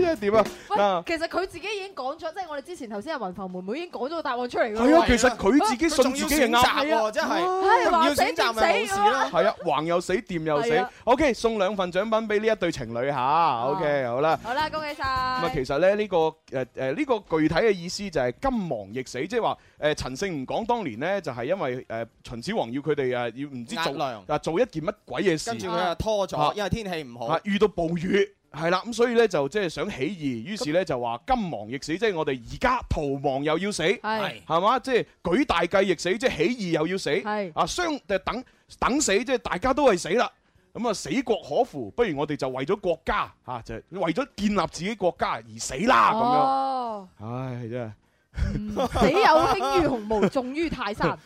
呢一點啊？其實佢自己已經講咗，即係我哋之前頭先阿雲浮妹妹已經講咗個答案出嚟㗎。係啊，其實佢自己信自己係啱喎，真係。要選擇咪冇事咯。係啊，橫又死，掂又死。OK，送兩份獎品俾呢一對情侶嚇。OK，好啦。好啦，恭喜晒！咁啊，其實咧呢個誒誒呢個具體嘅意思就係今亡亦死，即係話誒陳勝唔講當年呢，就係因為誒秦始皇要佢哋誒要唔知做啊做一件乜鬼嘢事。跟住佢啊拖咗，因為天氣唔好，遇到暴雨。係啦，咁所以咧就即係想起義，於是咧就話今亡亦死，即、就、係、是、我哋而家逃亡又要死，係嘛是？即係、就是、舉大計亦死，即、就、係、是、起義又要死，係是啊，相就等等死，即、就、係、是、大家都係死啦。咁、嗯、啊，死國可乎？不如我哋就為咗國家嚇，就是、為咗建立自己國家而死啦。咁、哦、樣，唉，真係 死有輕於鴻毛，重於泰山。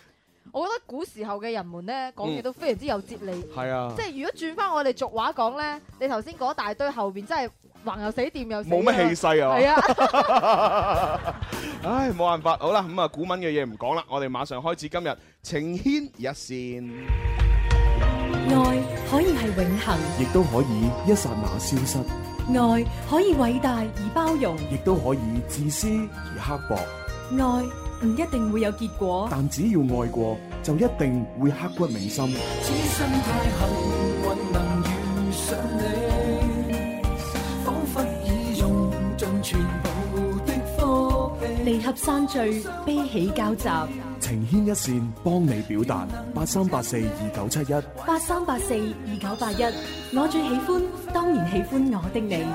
我覺得古時候嘅人們咧講嘢都非常之有哲理，係、嗯、啊，即係如果轉翻我哋俗話講咧，你頭先講大堆後邊真係橫又死掂，又冇乜氣勢啊，係是啊， 唉，冇辦法，好啦，咁、嗯、啊，古文嘅嘢唔講啦，我哋馬上開始今日情牽一綫，愛可以係永恒，亦都可以一剎那消失，愛可以偉大而包容，亦都可以自私而刻薄，愛。唔一定會有結果，但只要愛過，就一定會刻骨銘心。只太幸運能遇上你，彷彿已用盡全部的離合山聚，悲喜交集，情牽一線，幫你表達。八三八四二九七一，八三八四二九八一，我最喜歡，當然喜歡我的你。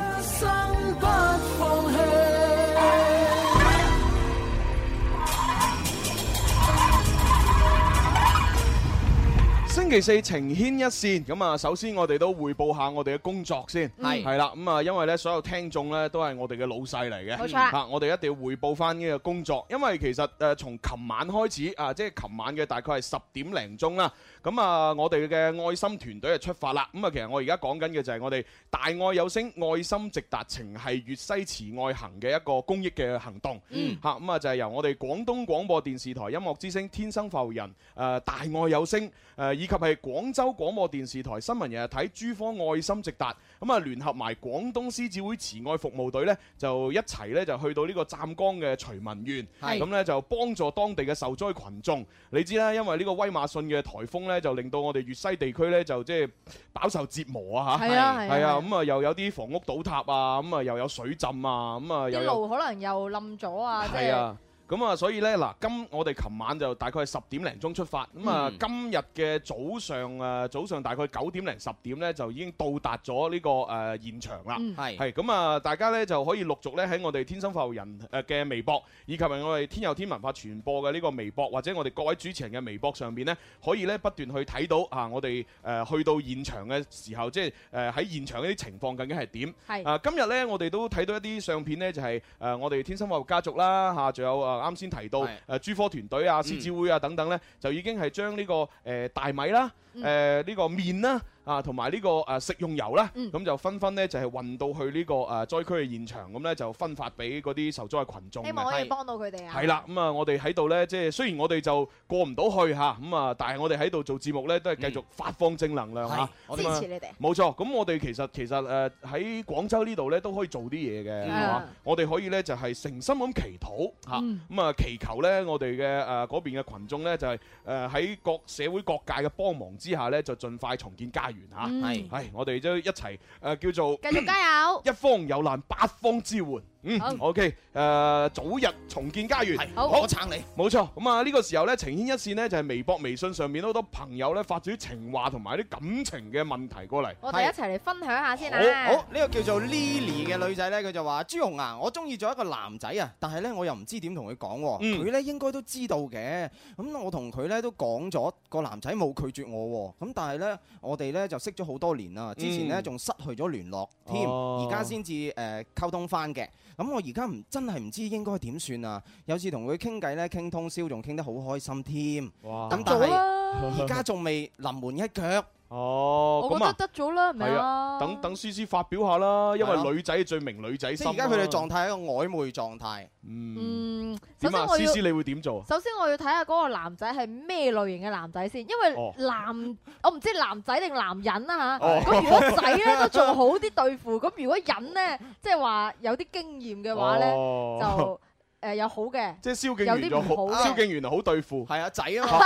星期四情牽一線咁啊，首先我哋都匯報下我哋嘅工作先，係係啦，咁啊，因為咧所有聽眾咧都係我哋嘅老細嚟嘅，冇錯啊！我哋一定要匯報返呢個工作，因為其實誒從琴晚開始啊，即係琴晚嘅大概係十點零鐘啦。咁啊，我哋嘅愛心團隊就出發啦。咁啊，其實我而家講緊嘅就係我哋大愛有聲愛心直達情係粵西慈愛行嘅一個公益嘅行動，嚇咁啊，就係由我哋廣東廣播電視台音樂之聲、天生快活人誒大愛有聲誒以及。就係廣州廣播電視台新聞日日睇諸方愛心直達，咁、嗯、啊聯合埋廣東獅子會慈愛服務隊咧，就一齊咧就去到個是呢個湛江嘅徐聞縣，咁咧就幫助當地嘅受災群眾。你知啦，因為呢個威馬遜嘅颱風咧，就令到我哋粵西地區咧就即係飽受折磨啊吓，係啊，係啊，咁啊又有啲房屋倒塌啊，咁、嗯、啊又有水浸啊，咁啊一路有可能又冧咗啊，係、就是、啊。咁啊，所以咧嗱，今我哋琴晚就大概十點零鐘出發，咁啊，今日嘅早上啊，早上大概九點零十點咧，就已經到達咗呢、這個誒、呃、現場啦。係係、嗯，咁啊，大家咧就可以陸續咧喺我哋天生快活人誒嘅微博，以及係我哋天佑天文化傳播嘅呢個微博，或者我哋各位主持人嘅微博上邊咧，可以咧不斷去睇到啊，我哋誒、呃、去到現場嘅時候，即係誒喺現場嗰啲情況究竟係點係啊，今日咧我哋都睇到一啲相片咧，就係、是、誒、呃、我哋天生快活家族啦吓仲有啊。啱先提到誒 G 科團隊啊、獅子、啊、會啊等等咧，嗯、就已經係將呢個誒、呃、大米啦。誒呢、嗯呃呢個麵啦，啊同埋呢個誒食用油啦，咁、嗯嗯、就紛紛咧就係運到去呢個誒災區嘅現場，咁咧就分發俾嗰啲受災嘅群眾。希望可以幫到佢哋啊！係啦，咁、嗯、啊，我哋喺度咧，即係雖然我哋就過唔到去嚇，咁啊，但係我哋喺度做節目咧，都係繼續發放正能量，我支持你哋。冇錯，咁我哋其實其實誒喺廣州呢度咧都可以做啲嘢嘅，我哋可以咧就係誠心咁祈禱嚇，咁啊、嗯、祈求咧我哋嘅誒嗰邊嘅群眾咧就係誒喺各社會各界嘅幫忙。之下咧就盡快重建家園，嚇，係是、哎，我哋都一齊誒、呃，叫做繼續加油，一方有難八方支援。嗯好，OK，誒、呃，早日重建家園，好，好我撐你，冇錯。咁啊，呢個時候咧，情牽一線呢，就係微博、微信上面好多朋友咧發咗啲情話同埋啲感情嘅問題過嚟，我哋一齊嚟分享下先啦。好，呢、呢個叫做 Lily 嘅女仔咧，佢就話：嗯、朱紅啊，我中意咗一個男仔啊，但係咧我又唔知點同佢講喎。佢咧、嗯、應該都知道嘅。咁我同佢咧都講咗，個男仔冇拒絕我喎。咁但係咧，我哋咧就識咗好多年啦，之前咧仲失去咗聯絡添，而家先至誒溝通翻嘅。咁、嗯、我而家真係唔知應該點算啊！有次同佢傾偈咧，傾通宵仲傾得好開心添。咁哇 但係而家仲未臨門一腳。哦，我覺得得咗啦，係咪啊！等等，思思發表下啦，因為女仔最明女仔心。而家佢哋狀態係一個曖昧狀態。嗯，首先我思思，你會點做？首先我要睇下嗰個男仔係咩類型嘅男仔先，因為男我唔知男仔定男人啊。嚇。咁如果仔咧都做好啲對付，咁如果人咧即係話有啲經驗嘅話咧，就誒有好嘅。即係蕭敬元就好，蕭敬元好對付。係啊，仔啊嘛。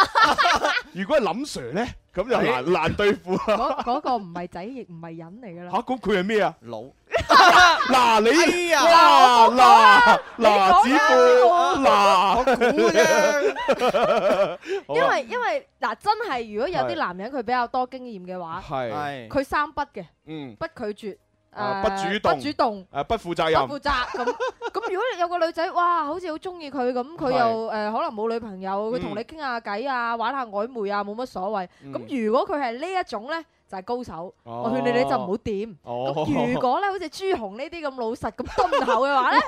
如果係林 Sir 咧？咁又難難對付啊！嗰個唔係仔亦唔係人嚟噶啦嚇！咁佢係咩啊？老嗱你啊嗱嗱子嗱我估啫，因為因為嗱真係如果有啲男人佢比較多經驗嘅話，係佢三不嘅，嗯，不拒絕。誒、uh, 不主動，uh, 不主動，誒、uh, 不負責任，不負責咁。咁 如果有個女仔，哇，好似好中意佢咁，佢又誒是、呃、可能冇女朋友，佢同你傾下偈啊，嗯、玩下曖昧啊，冇乜所謂。咁、嗯、如果佢係呢一種咧？就係高手，我勸你你就唔好掂。如果咧，好似朱紅呢啲咁老實咁敦厚嘅話咧，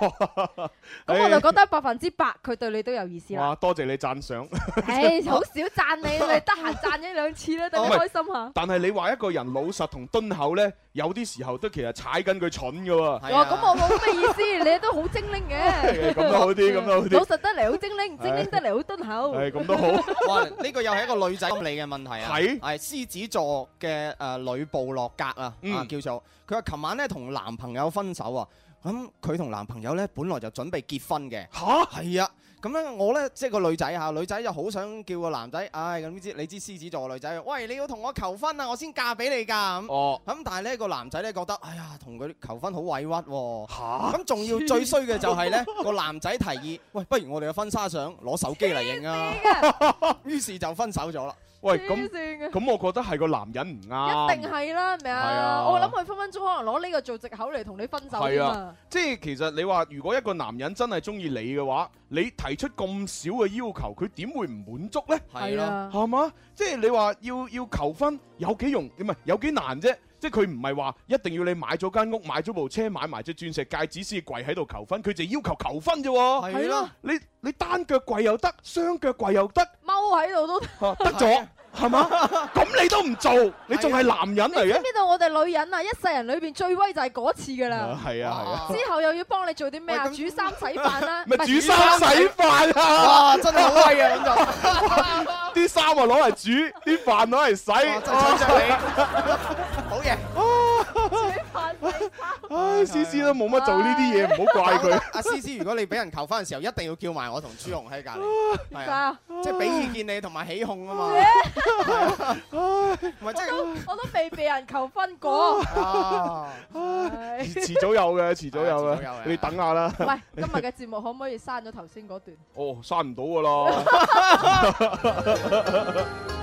咁我就覺得百分之百佢對你都有意思啦。哇！多謝你讚賞。誒，好少贊你，你得閒贊一兩次啦，等你開心下。但係你話一個人老實同敦厚咧，有啲時候都其實踩緊佢蠢嘅喎。咁我冇咩意思，你都好精靈嘅。咁都好啲，咁都好啲。老實得嚟，好精靈，精靈得嚟，好敦厚。係咁都好。哇！呢個又係一個女仔心理嘅問題啊。係。係獅子座嘅。誒，呂、呃、布洛格啊，啊叫做佢話，琴晚咧同男朋友分手啊，咁、嗯、佢同男朋友咧本來就準備結婚嘅，吓係蛤啊，咁、嗯、咧我咧即係個女仔吓，女仔就好想叫個男仔，唉咁知，你知獅子座女仔，喂你要同我求婚啊，我先嫁俾你噶，咁、哦、咁、嗯、但係咧個男仔咧覺得，哎呀，同佢求婚好委屈、啊，吓蛤，咁仲要最衰嘅就係咧個男仔提議，喂，不如我哋嘅婚紗相攞手機嚟影啊，於 是就分手咗啦。 喂，咁咁經，我覺得係個男人唔啱，一定係啦，係咪啊係啊？我諗佢分分鐘可能攞呢個做藉口嚟同你分手啊！即係其實你話，如果一個男人真係中意你嘅話，你提出咁少嘅要求，佢點會唔滿足咧？係啦，係嘛？即係你話要要求婚有幾容易？唔係，有幾難啫？即係佢唔係話一定要你買咗間屋、買咗部車、買埋隻鑽石戒指先跪喺度求婚，佢就要求求婚啫喎。係咯，啊，你你單腳跪又得，雙腳跪又 得了，踎喺度都得咗。係嘛？咁 你都唔做，你仲係男人嚟嘅？邊度 我哋女人啊？一世人裏邊最威就係嗰次噶啦。係啊係啊。啊啊啊之後又要幫你做啲咩啊？煮衫洗飯啦。咪煮衫洗飯啊！ 哇！真係威啊！咁就，啲衫啊攞嚟煮，啲飯攞嚟洗。就你！ 好嘢害。 煮唉，思思都冇乜做呢啲嘢，唔好怪佢。阿思思，如果你俾人求婚嘅時候，一定要叫埋我同朱紅喺隔籬，係啊，即係俾意見你同埋起哄啊嘛。唔係，即係我都未被人求婚過。啊，遲早有嘅，遲早有嘅，你等下啦。喂，今日嘅節目可唔可以刪咗頭先嗰段？哦，刪唔到噶啦。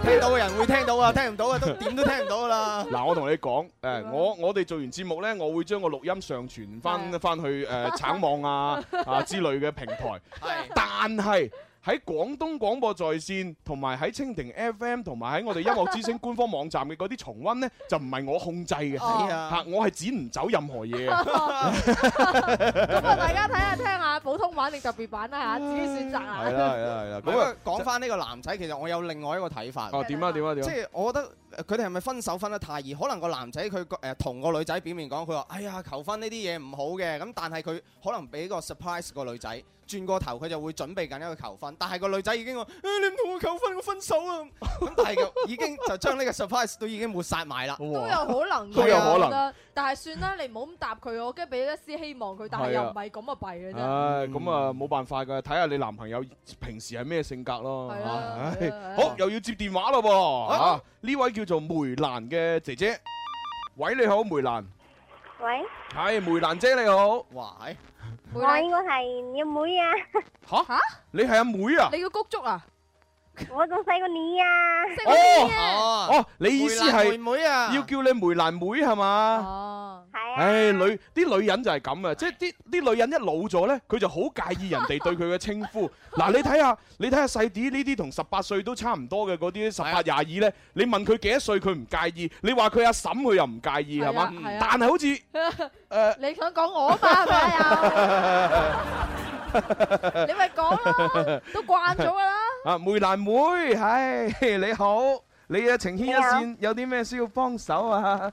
聽到嘅人會聽到啊，聽唔到嘅都點都聽唔到噶啦。嗱，我同你講，誒，我我哋做完節目咧，我會將個錄。錄音上傳翻翻去誒、呃、橙網啊 啊之類嘅平台， 的但係。喺廣東廣播在線同埋喺蜻蜓 FM 同埋喺我哋音樂之聲官方網站嘅嗰啲重溫呢，就唔係我控制嘅，嚇、oh. 我係剪唔走任何嘢。咁啊，大家睇下聽下普通版定特別版啦嚇，oh. 自己選擇。係啦係啦係啦。咁啊，講翻呢個男仔，就其實我有另外一個睇法。哦、啊，點啊點啊點？即係、啊、我覺得佢哋係咪分手分得太易？可能個男仔佢誒同個女仔表面講，佢話：哎呀，求婚呢啲嘢唔好嘅。咁但係佢可能俾個 surprise 個女仔。轉過頭佢就會準備緊一個求婚，但係個女仔已經話、哎：，你唔同我求婚，我分手啊！咁 但係已經就將呢個 surprise 都已經抹殺埋啦。都有可能嘅、啊，都有可能。但係算啦，你唔好咁答佢，我跟住俾一絲希望佢，但係又唔係咁啊弊嘅啫。咁、嗯哎、啊冇辦法噶，睇下你男朋友平時係咩性格咯。係啊。好，又要接電話啦噃吓，呢、啊啊、位叫做梅蘭嘅姐姐，喂你好，梅蘭。喂。係、哎、梅蘭姐你好。喂。我應該係你阿妹啊！吓吓哈，哈你係阿妹啊？你個谷足啊！我仲細過你啊！哦，哦你意思係梅蘭妹啊？要叫你梅蘭妹係嘛？哦，係啊。唉，女啲女人就係咁啊，即係啲啲女人一老咗咧，佢就好介意人哋對佢嘅稱呼。嗱，你睇下，你睇下細啲呢啲同十八歲都差唔多嘅嗰啲十八廿二咧，你問佢幾多歲，佢唔介意，你話佢阿嬸佢又唔介意係嘛？但係好似誒，你想講我爸啊？係嘛？你咪講咯，都慣咗噶啦。啊，梅蘭妹，唉，你好，你啊情牽一線，有啲咩需要幫手啊？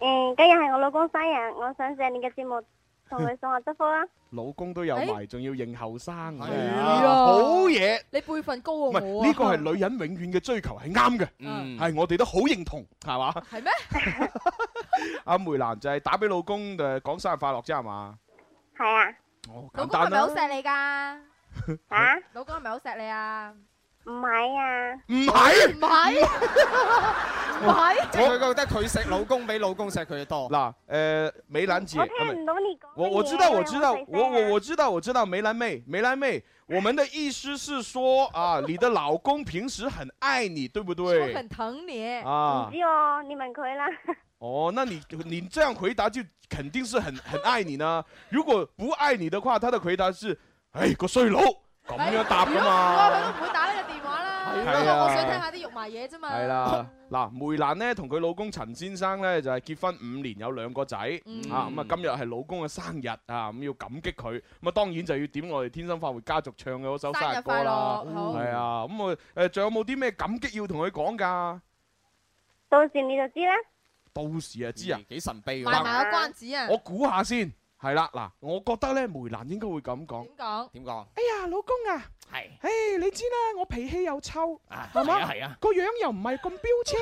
嗯，今日係我老公生日，我想借你嘅節目同佢送下祝福啦。老公都有埋，仲要認後生，係啊，好嘢。你輩分高過我啊？呢個係女人永遠嘅追求，係啱嘅，係我哋都好認同，係嘛？係咩？阿梅蘭就係打俾老公誒，講生日快樂啫，係嘛？係啊。老公係咪好錫你噶？啊？老公係咪好錫你啊？唔係啊？唔係？唔係？唔係？佢覺得佢錫老公比老公錫佢多。嗱，誒，梅蘭姐，我聽唔到你講。我我知道我知道，我我我知道我知道。梅蘭妹梅蘭妹，我們的意思是說啊，你的老公平時很愛你對不對？我很疼你啊？哦，你問佢啦。哦，那你你這樣回答就肯定是很很愛你呢。如果不愛你的話，他的回答是，哎，個衰佬咁樣答噶嘛。佢 都唔會打呢個電話啦， 啊、我，我想聽下啲肉麻嘢啫嘛。係啦、啊，嗱、啊，梅蘭呢，同佢老公陳先生呢就係、是、結婚五年有兩個仔、嗯、啊，咁、嗯、啊今日係老公嘅生日啊，咁、嗯、要感激佢，咁、嗯、啊當然就要點我哋天生發回家族唱嘅嗰首日生日歌啦，係、嗯、啊，咁、嗯、我，誒、嗯，仲、嗯嗯、有冇啲咩感激要同佢講噶？到、 嗯、時你就知啦。到時啊知啊幾、嗯、神秘，埋埋個關子啊！ 我估下先，係啦嗱，我覺得咧梅蘭應該會咁講。點講？點講？哎呀，老公啊，係是，唉、哎、你知啦，我脾氣又臭，係嘛、啊？個樣又唔係咁標青，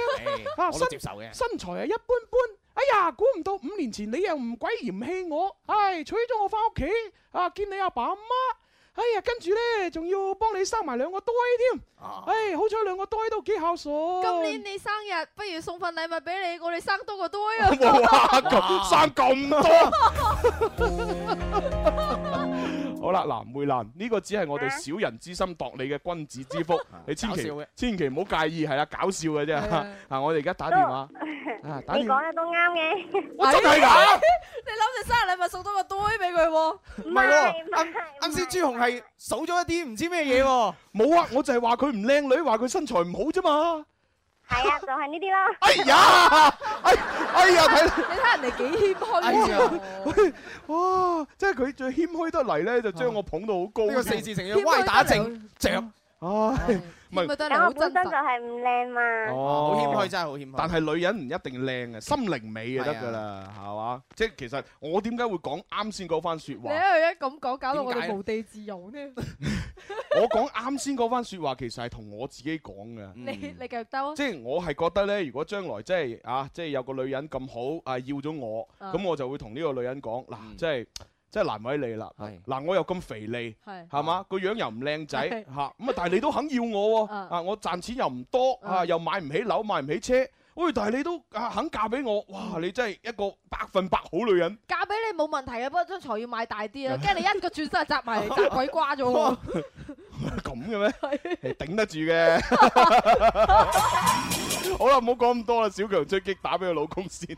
我接受啊身身材啊一般般。哎呀，估唔到五年前你又唔鬼嫌棄我，唉、哎、娶咗我翻屋企，啊見你阿爸阿媽。哎呀，跟住咧，仲要幫你生埋兩個胎添。哎，好彩兩個胎都幾孝順。今年你生日，不如送份禮物俾你，我哋生多個胎啊！冇話咁生咁多。好啦，南梅蘭呢個只係我哋小人之心度你嘅君子之福，你千祈千祈唔好介意，係啦，搞笑嘅啫。吓，我哋而家打電話，打電話。你講嘅都啱嘅。我真係噶，你諗住生日禮物送多個堆俾佢喎？唔係，啱先朱紅係數咗一啲唔知咩嘢喎？冇啊，我就係話佢唔靚女，話佢身材唔好啫嘛。係啊，就係呢啲啦。哎呀，哎、啊、哎呀，睇你睇人哋幾謙虛。哇，即係佢最謙虛得嚟咧，就將我捧到好高。哎、呀四字成語歪打正著。唉。唔係，我本身就係唔靚嘛。哦，好謙虛、哦、真係好謙虛。但係女人唔一定靚嘅，實心靈美就得噶啦，係嘛、啊？即係其實我點解會講啱先嗰番説話？你因咁講，搞到我哋無地自容呢。 我講啱先嗰番説話，其實係同我自己講嘅。你你繼續兜，即係我係覺得咧，如果將來即係啊，即係有個女人咁好啊，要咗我，咁、啊、我就會同呢個女人講嗱、啊，即係。嗯真係難為你啦，嗱我又咁肥膩，係嘛，個樣又唔靚仔吓，咁啊但係你都肯要我，啊我賺錢又唔多啊又買唔起樓，買唔起車，喂但係你都啊肯嫁俾我，哇你真係一個百分百好女人，嫁俾你冇問題啊，不過張床要買大啲啊，跟住你一個轉身就扎埋嚟，鬼瓜咗喎，咁嘅咩？係頂得住嘅，好啦唔好講咁多啦，小強追擊打俾佢老公先。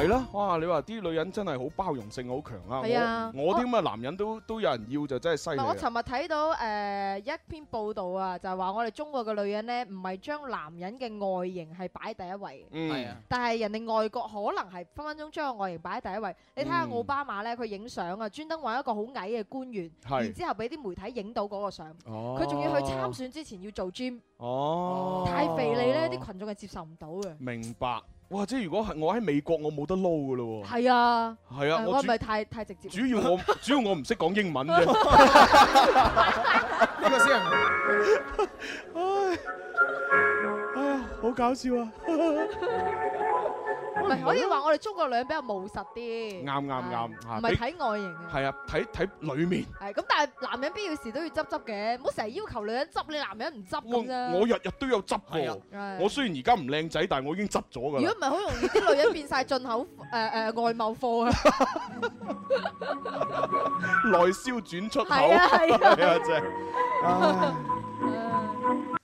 係咯、啊，哇！你話啲女人真係好包容性好強啊。我我啲咁嘅男人都、啊、都有人要就真係犀利。我尋日睇到誒、呃、一篇報道啊，就係話我哋中國嘅女人咧，唔係將男人嘅外形係擺第一位。嗯。但係人哋外國可能係分分鐘將外形擺喺第一位。你睇下、嗯、奧巴馬咧，佢影相啊，專登揾一個好矮嘅官員，是然之後俾啲媒體影到嗰個相。佢仲、哦、要去參選之前要做 gym。哦。哦太肥膩咧，啲群眾係接受唔到嘅。明白。哇！即係如果係我喺美國，我冇得撈噶咯喎。係啊，係啊，我唔係太太直接。主要我 主要我唔識講英文嘅。呢個先，唉唉，好搞笑啊！ 唔係可以話我哋中國女人比較務實啲，啱啱啱，唔係睇外形，係啊，睇睇裡面。係咁，但係男人必要時都要執執嘅，唔好成日要求女人執，你男人唔執咁啫。我我日日都有執過，我雖然而家唔靚仔，但係我已經執咗㗎。如果唔係，好容易啲女人變晒進口誒誒外貿貨啊，內銷轉出口，係啊係啊，真係。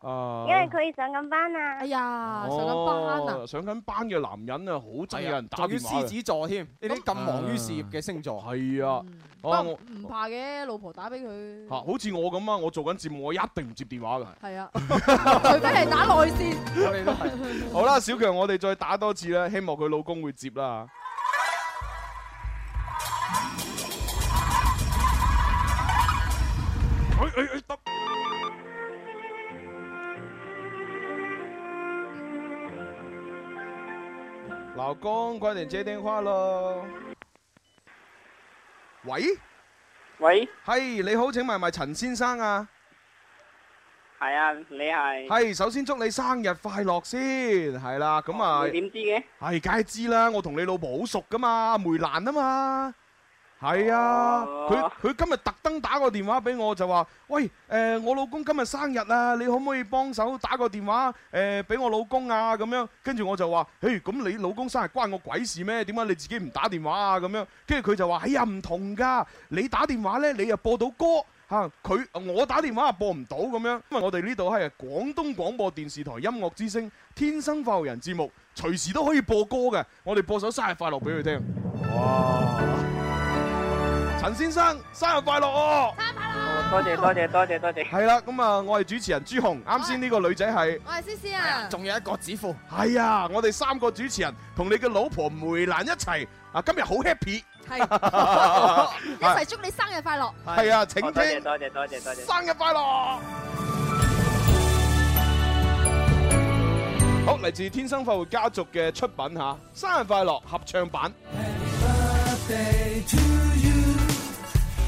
啊！因為佢上緊班啊！哎呀，上緊班啊！上緊班嘅男人啊，好憎人打電話，就連獅子座添，啲咁忙於事業嘅星座係啊！不過唔怕嘅，老婆打俾佢吓，好似我咁啊！我做緊節目，我一定唔接電話嘅。係啊，除非係打內線。好啦，小強，我哋再打多次啦，希望佢老公會接啦。老公，快嚟接電話咯！喂喂，係你好，請問係咪陳先生啊？係啊，你係？係首先祝你生日快樂先，係啦，咁啊你點知嘅？係梗係知啦，我同你老婆好熟噶嘛，梅蘭啊嘛。係啊，佢佢、啊、今日特登打個電話俾我就話，喂，誒、呃，我老公今日生日啊，你可唔可以幫手打個電話誒俾、呃、我老公啊？咁樣，跟住我就話，嘿，咁你老公生日關我鬼事咩？點解你自己唔打電話啊？咁樣，跟住佢就話，哎呀，唔同噶，你打電話呢，你又播到歌吓，佢、啊、我打電話啊播唔到咁樣，因為我哋呢度係廣東廣播電視台音樂之聲天生快活人節目，隨時都可以播歌嘅，我哋播首生日快樂俾佢聽。哇陳先生生日快樂哦！生日快樂！多謝多謝多謝多謝！係啦，咁啊，我係主持人朱紅，啱先呢個女仔係，我係詩詩啊！仲有一個子富，係啊！我哋三個主持人同你嘅老婆梅蘭一齊啊，今日好 happy！係一齊祝你生日快樂！係啊，請聽！多謝多謝多謝多謝！生日快樂！好，嚟自天生快活家族嘅出品吓，生日快樂合唱版。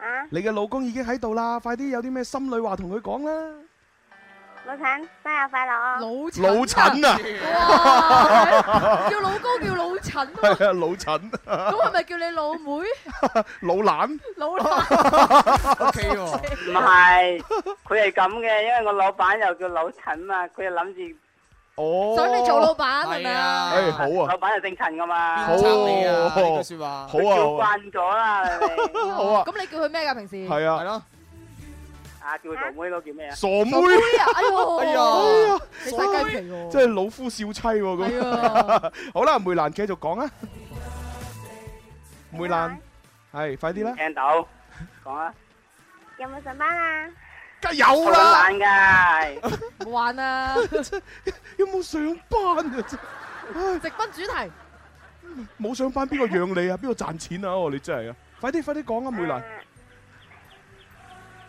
啊、你嘅老公已經喺度啦，快啲有啲咩心裏話同佢講啦！老陳生日快樂！老陳老陳啊！叫老公叫老陳，老陳？咁係咪叫你老妹？老懶？老懶？O K，唔係，佢係咁嘅，因為我老闆又叫老陳啊，佢又諗住。想你做老闆係咪啊？誒好啊！老闆係姓陳噶嘛？好啊！好說話。好啊！佢叫慣咗啦。好啊！咁你叫佢咩噶平時？係啊，係啦。啊叫佢做妹咯，叫咩啊？傻妹啊！哎呀，哎呀，你晒雞皮喎！即係老夫少妻喎咁。好啦，梅蘭繼續講啊。梅蘭，係快啲啦！聽到，講啊！有冇上班啊？梗有啦，好玩啊！有冇上班啊？直奔主題，冇上班邊個養你啊？邊個賺錢啊？哦，你真係啊！快啲快啲講啊，梅蘭。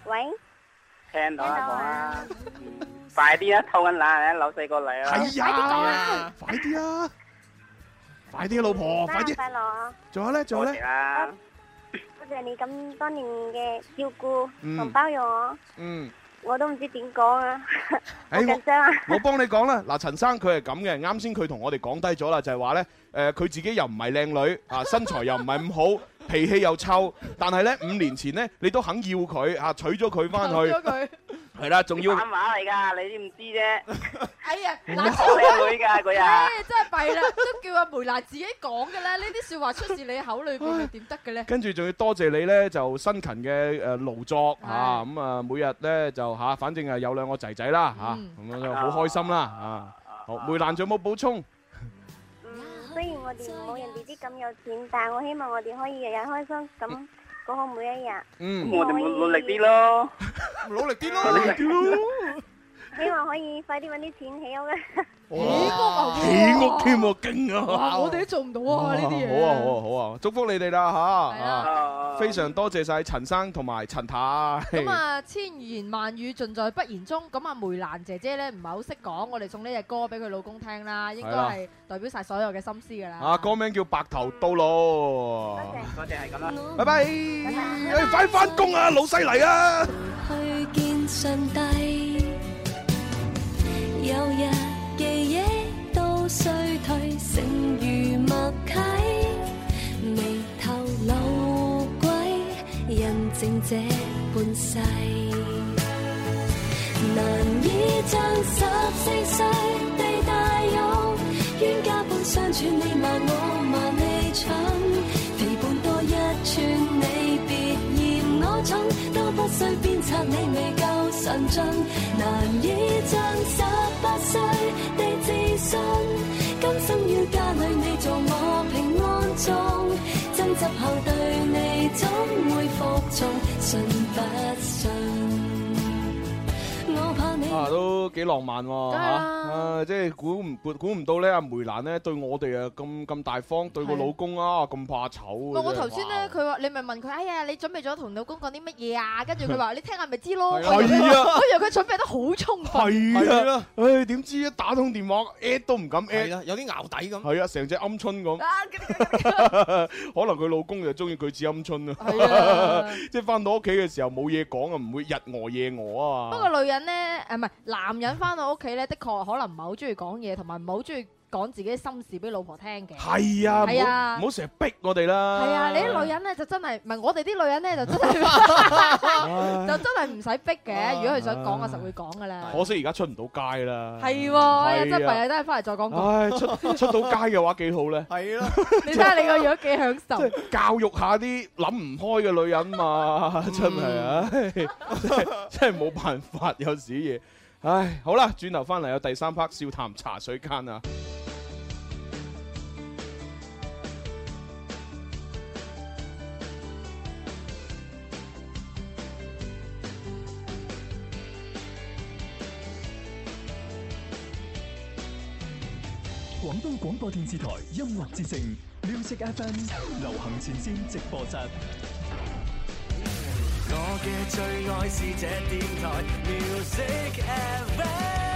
喂，聽到啦！快啲啊，偷緊懶啊，老細過嚟啊！係啊！快啲講啊！快啲啊！快啲啊，老婆！快啲！快落。仲有咧？仲有咧？謝你咁多年嘅照顧同包容我，我都唔知點講啊！唔緊張啊！我幫你講啦，嗱，陳生佢係咁嘅，啱先佢同我哋講低咗啦，就係話咧，誒，佢自己又唔係靚女啊，身材又唔係咁好。脾氣又臭，但係咧，五年前咧，你都肯要佢啊，娶咗佢翻去，娶咗佢係啦，仲 要。爛話嚟噶，你唔知啫。呀 哎呀，嗱，你嚟嘅日！呀，真係弊啦，都叫阿梅蘭自己講嘅啦。呢啲說話出自你口裏邊，點得嘅咧？跟住仲要多謝，謝你咧，就辛勤嘅誒勞作嚇，咁啊、嗯、啊每日咧就嚇、啊，反正啊有兩個仔仔啦嚇，咁啊好、嗯、開心啦啊。好，梅蘭仲有冇補充？雖然我哋冇人哋啲咁有錢，但我希望我哋可以日日開心，咁過好每一日。嗯，咁我哋會努力啲咯， 努力啲咯， 希望可以快啲揾啲錢起屋啦！起屋啊！起屋添喎，勁啊！我哋都做唔到啊！呢啲嘢，好啊好啊好啊！祝福你哋啦吓！係啦，非常多謝晒陳生同埋陳太。咁啊，千言萬語盡在不言中。咁啊，梅蘭姐姐咧唔係好識講，我哋送呢隻歌俾佢老公聽啦，應該係代表晒所有嘅心思噶啦。啊，歌名叫《白頭到老》。多謝，多謝，係咁啦。拜拜！誒，快翻工啊，老細嚟啊！去見上帝！有日記憶都衰退，勝如默契，眉頭露鬼，印證這半世，難以將十四歲未大勇，冤家本相處，你罵我罵你搶。都不需鞭策，你未，未夠上進，難以將十八歲的自信，今生於家裏你做我平安鐘，爭執後對你總會服從，信不信？啊，都幾浪漫喎嚇！誒，即係估唔估估唔到咧，阿梅蘭咧對我哋啊咁咁大方，對個老公啊咁怕醜。唔係我頭先咧，佢話你咪問佢，哎呀，你準備咗同老公講啲乜嘢啊？跟住佢話你聽下咪知咯。係啊，我以為佢準備得好充分。係啊，誒點知一打通電話，at 都唔敢 at。係啊，有啲淆底咁。係啊，成隻鵪鶉咁。可能佢老公就中意佢似鵪鶉啦。係啊，即係翻到屋企嘅時候冇嘢講啊，唔會日哦夜哦啊嘛。不過女人咧誒。唔係男人翻到屋企咧，的確可能唔係好中意講嘢，同埋唔係好中意講自己心事俾老婆聽嘅，係啊，係啊，唔好成日逼我哋啦。係啊，你啲女人咧就真係，唔係我哋啲女人咧就真係，就真係唔使逼嘅。如果佢想講，阿實會講噶啦。可惜而家出唔到街啦。係，真係真係翻嚟再講。唉，出出到街嘅話幾好咧。係咯，你睇下你個樣幾享受。教育下啲諗唔開嘅女人嘛，真係啊，真係冇辦法有時嘢。唉，好啦，轉頭翻嚟有第三 part 笑談茶水間啊。廣東廣播電視台音樂之聲，Music FM，Even 流行前線直播室。 我嘅最愛是這電台 Music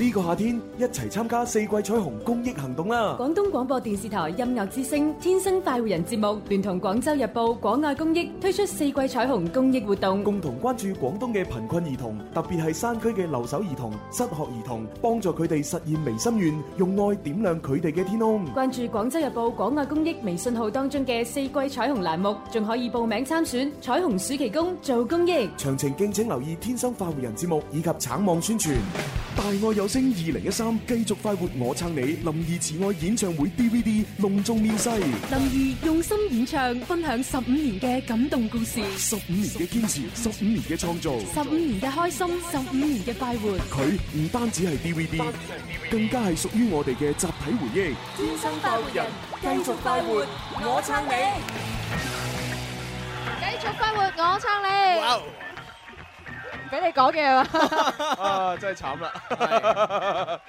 呢個夏天一齊參加四季彩虹公益行動啦！廣東廣播電視台音樂之聲《天生快活人》節目，聯同廣州日報廣愛公益推出四季彩虹公益活動，共同關注廣東嘅貧困兒童，特別係山區嘅留守兒童、失學兒童，幫助佢哋實現微心願，用愛點亮佢哋嘅天空。關注廣州日報廣愛公益微信號當中嘅四季彩虹欄目，仲可以報名參選彩虹暑期工做公益。詳情敬請留意《天生快活人》節目以及橙網宣傳。大愛有。星二零一三繼續快活，我撐你。林儀慈愛演唱會 DVD 隆重面世，林儀用心演唱，分享十五年嘅感動故事。十五年嘅堅持，十五年嘅創造，十五年嘅開心，十五年嘅快活。佢唔單止係 DVD，更加係屬於我哋嘅集體回憶。天生快活人，繼續快活，我撐你。繼續快活，我撐你。俾你講嘅啊，真係慘啦，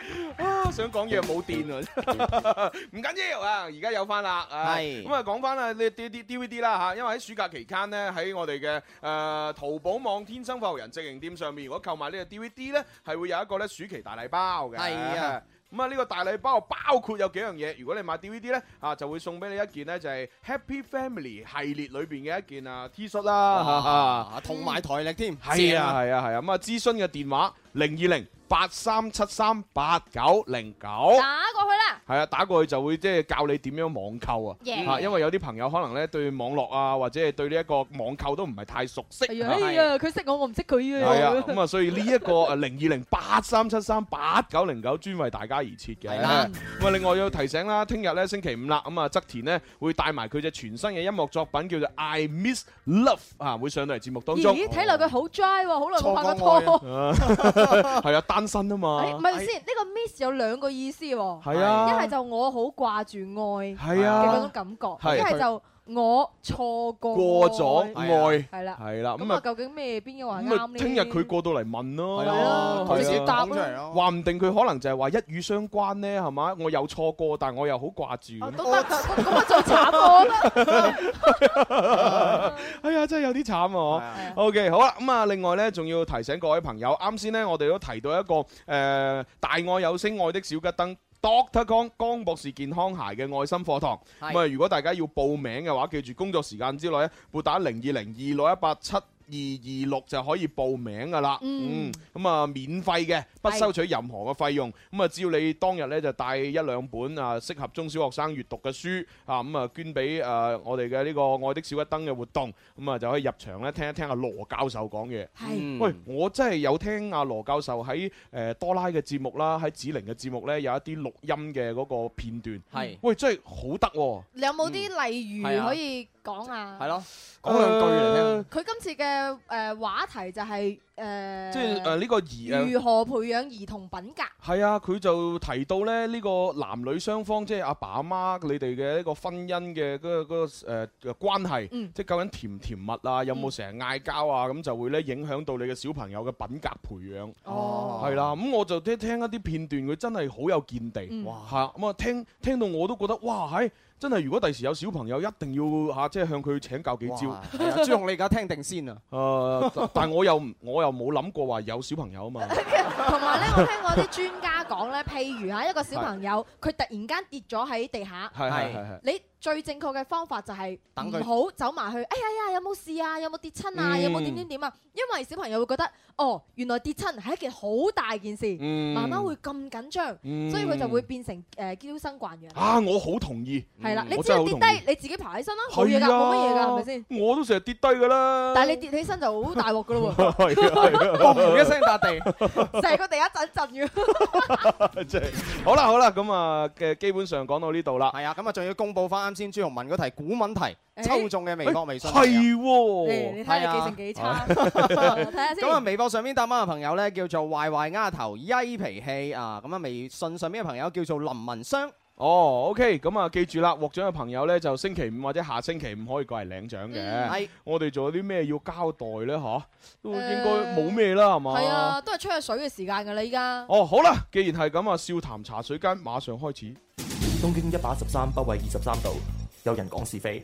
想講嘢冇電啊，唔緊要啊，而家有翻啦。係咁啊，講翻啦呢啲 D V D 啦嚇，因為喺暑假期間咧喺我哋嘅誒淘寶網天生快活人直營店上面，如果購買呢個 D V D 咧，係會有一個咧暑期大禮包嘅，係啊。咁啊，呢個大禮包包括有幾樣嘢，如果你買 DVD 咧、啊，啊就會送俾你一件咧，就係、是、Happy Family 系列裏邊嘅一件啊 T 恤啦，同埋台曆添，係啊，係啊，係啊，咁啊，啊，啊，啊，諮詢嘅電話零二零，八三七三八九零九打過去啦，係啊，打過去就會即係教你點樣網購啊，吓，因為有啲朋友可能咧對網絡啊或者係對呢一個網購都唔係太熟悉啊，哎呀，佢識我，我唔識佢啊，係啊，咁啊，所以呢一個零二零八三七三八九零九專為大家而設嘅，係啦，咁啊，另外要提醒啦，聽日咧星期五啦，咁啊，側田咧會帶埋佢隻全新嘅音樂作品叫做 I Miss Love 啊，會上到嚟節目當中，咦，睇落佢好 dry，好耐冇拍過拖，係啊，單身啊嘛，欸，唔係先，呢唉 個 miss 有兩個意思，哦，一係是、啊、就我好掛住愛，係啊嗰種感覺，一係是、啊、就。我錯過過咗愛，係啦，係啦。咁啊，究竟咩邊個話？啱啊，聽日佢過到嚟問咯，你自己答啦。話唔定佢可能就係話一語相關咧，係嘛？我有錯過，但係我又好掛住。都得，咁啊，仲慘過啦。哎呀，真係有啲慘哦。OK，好啦，咁啊，另外咧，仲要提醒各位朋友，啱先咧，我哋都提到一個誒大愛有聲《愛的小吉燈》。Doctor 江江博士健康鞋嘅愛心課堂，咁啊是，如果大家要報名嘅話，記住工作時間之內咧，撥打零二零二六一八七二二六就可以報名㗎喇、嗯嗯，嗯，咁啊免費嘅，不收取任何嘅費用，咁啊是、嗯、只要你當日呢就帶一兩本啊適合中小學生閱讀嘅書，啊咁、嗯、啊捐俾誒我哋嘅呢個愛的小一燈嘅活動，咁、嗯、啊、嗯、就可以入場咧聽一聽阿羅教授講嘢。係是，喂，我真係有聽阿羅教授喺誒、呃、多拉嘅節目啦，喺指玲嘅節目呢有一啲錄音嘅嗰個片段。係是，喂，真係好得喎！是你有冇啲例如可以、嗯？講啊！係咯，講兩句嚟聽。佢今、啊、次嘅誒、呃、話題就係、是。誒，呃、即係誒呢個兒，如何培養兒童品格？係啊，佢就提到咧呢、這個男女雙方，即係阿爸阿媽你哋嘅一個婚姻嘅嗰、嗰個、嗰個誒、呃、關係，嗯、即係究竟甜唔甜蜜啊？有冇成日嗌交啊？咁、嗯、就會咧影響到你嘅小朋友嘅品格培養。哦，係啦、啊，咁、嗯、我就聽一啲片段，佢真係好有見地。嗯、哇，係咁啊、嗯、聽聽到我都覺得哇，係、欸、真係如果第時有小朋友，一定要吓、啊、即係向佢請教幾招哇。朱紅哇，你而家聽定先啊？誒， 但係我又我又。冇諗過話有小朋友啊嘛，同埋咧，我聽過啲專家講咧，譬如啊一個小朋友，佢是突然間跌咗喺地下，係係係。你。最正確嘅方法就係等佢唔好走埋去。哎呀呀，有冇事啊？有冇跌親啊？有冇點點點啊？因為小朋友會覺得，哦，原來跌親係一件好大件事，媽媽會咁緊張，所以佢就會變成誒嬌生慣養。啊，我好同意。係啦，你只要跌低，你自己爬起身啦，冇嘢㗎，冇乜嘢㗎，係咪先？我都成日跌低㗎啦。但係你跌起身就好大鑊㗎咯喎，我一聲笪地，成個地一震震嘅。好啦好啦，咁啊嘅基本上講到呢度啦。係啊，咁啊仲要公佈翻。啱先朱紅文嗰題古文題抽中嘅微博微信係喎、欸哦欸，你睇下記性幾差，睇下、啊 哦、先。咁啊，微博上邊答問嘅朋友咧，叫做壞壞丫頭，曳脾氣啊。咁啊，微信上邊嘅朋友叫做林文雙。哦，OK，咁啊，記住啦，獲獎嘅朋友咧，就星期五或者下星期五可以過嚟領獎嘅。係、嗯，我哋做有啲咩要交代咧？吓、啊，都應該冇咩啦，係嘛、欸？係啊，都係吹下水嘅時間噶啦，而家。哦，好啦，既然係咁啊，笑談茶水間馬上開始。 東京一百十三，北緯二十三度，有人講是非。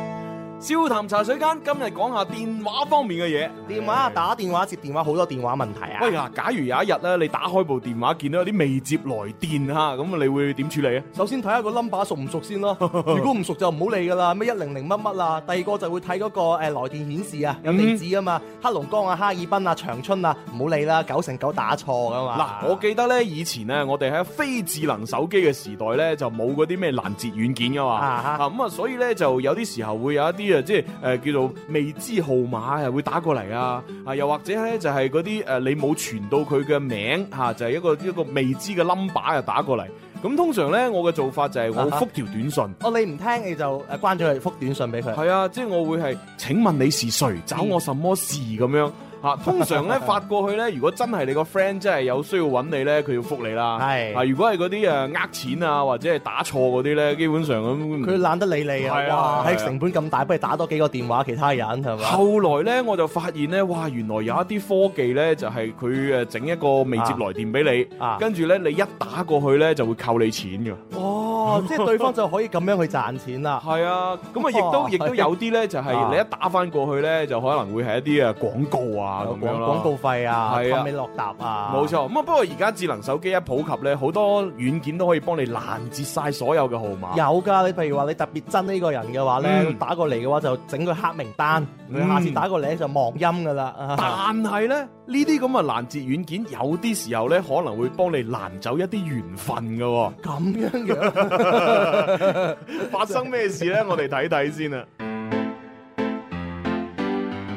笑談茶水間，今日講下電話方面嘅嘢，電話、打電話、接電話，好多電話問題啊！喂啊，假如有一日咧，你打開部電話見到有啲未接來電嚇，咁你會點處理啊？首先睇下個 number 熟唔熟先咯， 如果唔熟就唔好理噶啦，咩一零零乜乜啊？第二個就會睇嗰個誒來電顯示啊，有地址啊嘛，hmm. 黑龍江啊、哈爾濱啊、長春啊，唔好理啦，九成九打錯噶嘛。嗱、啊，我記得咧以前呢，我哋喺非智能手機嘅時代咧，就冇嗰啲咩攔截軟件噶嘛，咁 啊，所以咧就有啲時候會有一啲。即係誒、呃，叫做未知號碼又會打過嚟啊！啊，又或者咧就係嗰啲誒，你冇傳到佢嘅名吓、啊，就係、是、一個一個未知嘅 number 又打過嚟。咁通常咧，我嘅做法就係我覆條短信。哦、Uh，huh. Oh, 你唔聽你就誒關咗佢，覆短信俾佢。係啊，即係我會係，請問你是誰？找我什麼事？咁、嗯、樣。嚇、啊，通常咧 發過去咧，如果真係你個 friend 真係有需要揾你咧，佢要覆你啦。係是啊，如果係嗰啲誒呃錢啊，或者係打錯嗰啲咧，基本上咁，佢懶得理你啊。係哇啊，係、啊、成本咁大，不如打多幾個電話其他人係嘛？後來咧，我就發現咧，哇，原來有一啲科技咧，就係佢誒整一個未接來電俾你，跟住咧你一打過去咧就會扣你錢嘅。哦。哦，即係對方就可以咁樣去賺錢啦。係 啊，咁啊亦都亦都有啲咧，就係、是、你一打翻過去咧，就可能會係一啲啊廣告啊咁廣廣告費啊，係啊，未落答啊。冇錯。咁啊，不過而家智能手機一普及咧，好多軟件都可以幫你攔截晒所有嘅號碼。有噶，你譬如話你特別憎呢個人嘅話咧，嗯、打過嚟嘅話就整個黑名單，嗯、下次打過嚟就默音噶啦。嗯、但係咧，呢啲咁嘅攔截軟件，有啲時候咧可能會幫你攔走一啲緣分噶、啊。咁樣嘅。 發生咩事呢？我哋睇睇先啦。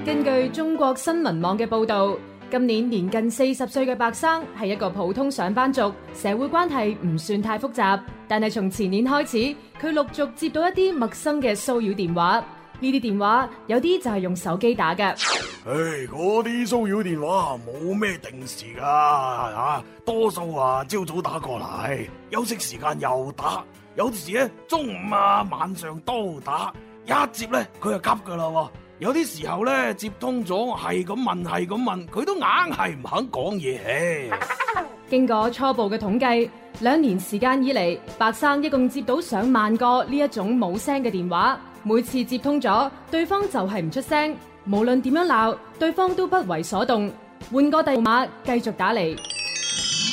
根據中國新聞網嘅報道，今年年近四十歲嘅白生係一個普通上班族，社會關係唔算太複雜，但係從前年開始，佢陸續接到一啲陌生嘅騷擾電話。呢啲電話有啲就係用手機打嘅。唉，嗰啲騷擾電話冇咩定時噶吓，多數話朝早打過嚟，休息時間又打，有時咧中午啊晚上都打。一接咧佢就急噶啦有啲時候咧接通咗係咁問係咁問，佢都硬係唔肯講嘢。經過初步嘅統計，兩年時間以嚟，白生一共接到上萬個呢一種冇聲嘅電話。每次接通咗，對方就係唔出聲，無論點樣鬧，對方都不為所動。換個號碼繼續打嚟。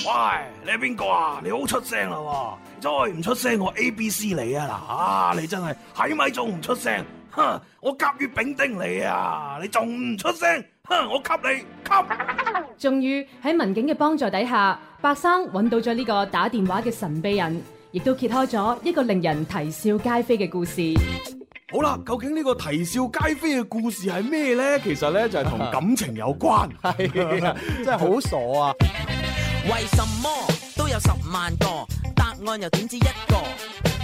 喂，你係邊個啊？你好出聲啦，啊，再唔出聲我 A B C 你啊嗱！啊，你真係喺咪仲唔出聲？哼，我甲乙丙丁你啊，你仲唔出聲？哼，我給你給。吸 終於喺民警嘅幫助底下，白生揾到咗呢個打電話嘅神秘人，亦都揭開咗一個令人啼笑皆非嘅故事。好啦，究竟呢個啼笑皆非嘅故事係咩咧？其實咧就係、是、同感情有關， 真係好傻啊！為什麼都有十萬個答案又點知一個？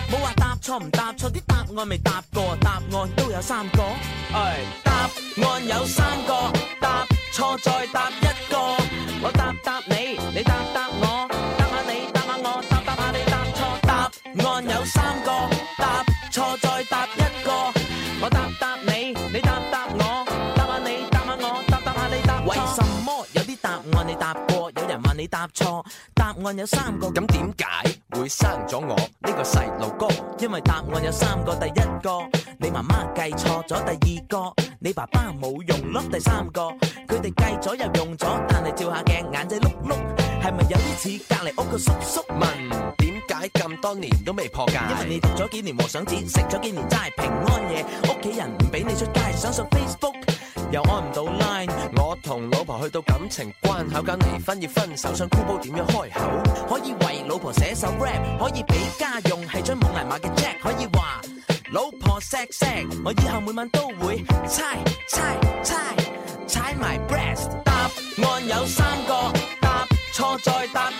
冇話答錯唔答錯，啲答案未答過，答案都有三個。哎，答案有三個，答錯再答一個。我答答你，你答答我，答下你答下我，答答下你答錯。答案有三個，答錯。答答錯，答案有三個。咁點解會生咗我呢個細路哥？因為答案有三個，第一個你媽媽計錯咗，第二個你爸爸冇用咯，第三個佢哋計咗又用咗，但係照下鏡眼仔碌碌，係咪有啲似隔離屋個叔叔？問點解咁多年都未破戒？因為你讀咗幾年和尚紙，食咗幾年齋平安夜，屋企人唔俾你出街想上 Facebook。又按唔到 line，我同老婆去到感情關口，搞離婚要分手，想箍煲點樣開口？可以為老婆寫首 rap，可以俾家用，係張冇銀碼嘅 jack，可以話老婆錫錫，我以後每晚都會猜猜猜，猜埋 breast 答。答案有三個，答錯再答。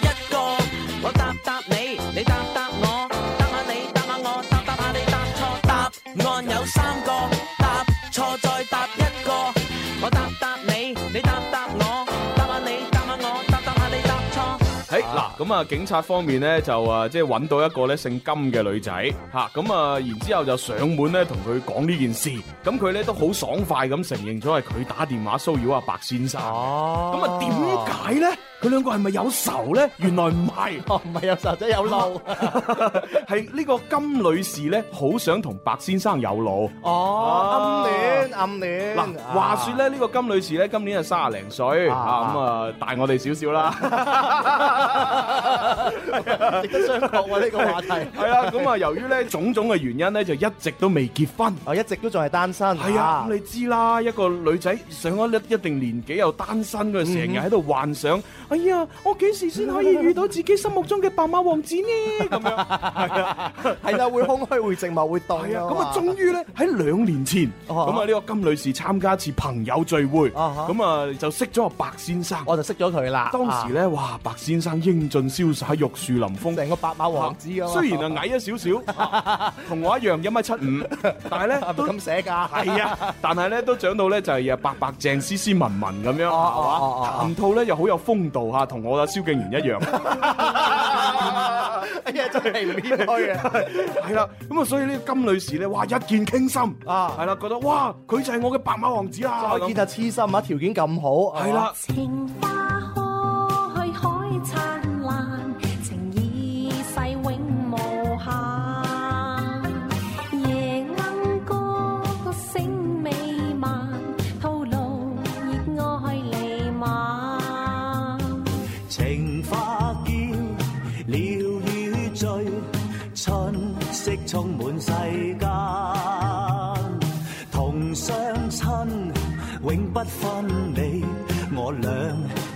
咁啊，警察方面咧就啊，即係搵到一個咧姓金嘅女仔，吓咁啊，然之後就上門咧同佢講呢件事，咁佢咧都好爽快咁承認咗係佢打電話騷擾阿白先生，咁啊，點解咧？佢兩個係咪有仇咧？原來唔係，唔係有仇，即係有路。係呢個金女士咧，好想同白先生有路。哦，暗戀暗戀。嗱，話說咧，呢個金女士咧，今年啊三啊零歲啊，咁啊大我哋少少啦。值得商榷啊呢個話題。係啊，咁啊由於咧種種嘅原因咧，就一直都未結婚，啊一直都仲係單身。係啊，咁你知啦，一個女仔上咗一一定年紀又單身，佢成日喺度幻想。哎呀，我幾時先可以遇到自己心目中嘅白馬王子呢？咁樣係啊，係啊，會空虛，會寂寞，會凍啊。咁啊，終於咧喺兩年前，咁啊呢個金女士參加一次朋友聚會，咁啊就識咗阿白先生。我就識咗佢啦。當時咧，哇，白先生英俊瀟灑，玉樹臨風。成個白馬王子啊！雖然啊矮咗少少，同我一樣一米七五，但係咧都咁寫噶。係啊，但係咧都長到咧就係又白白淨、斯斯文文咁樣，係嘛，談吐咧又好有風度。做同我啊蕭敬仁一樣，哎呀真係唔應該嘅，係啦咁啊，所以呢個金女士咧哇一見傾心啊，係啦覺得哇佢就係我嘅白馬王子啊，再見啊痴心啊條件咁好，係啦，情花開開。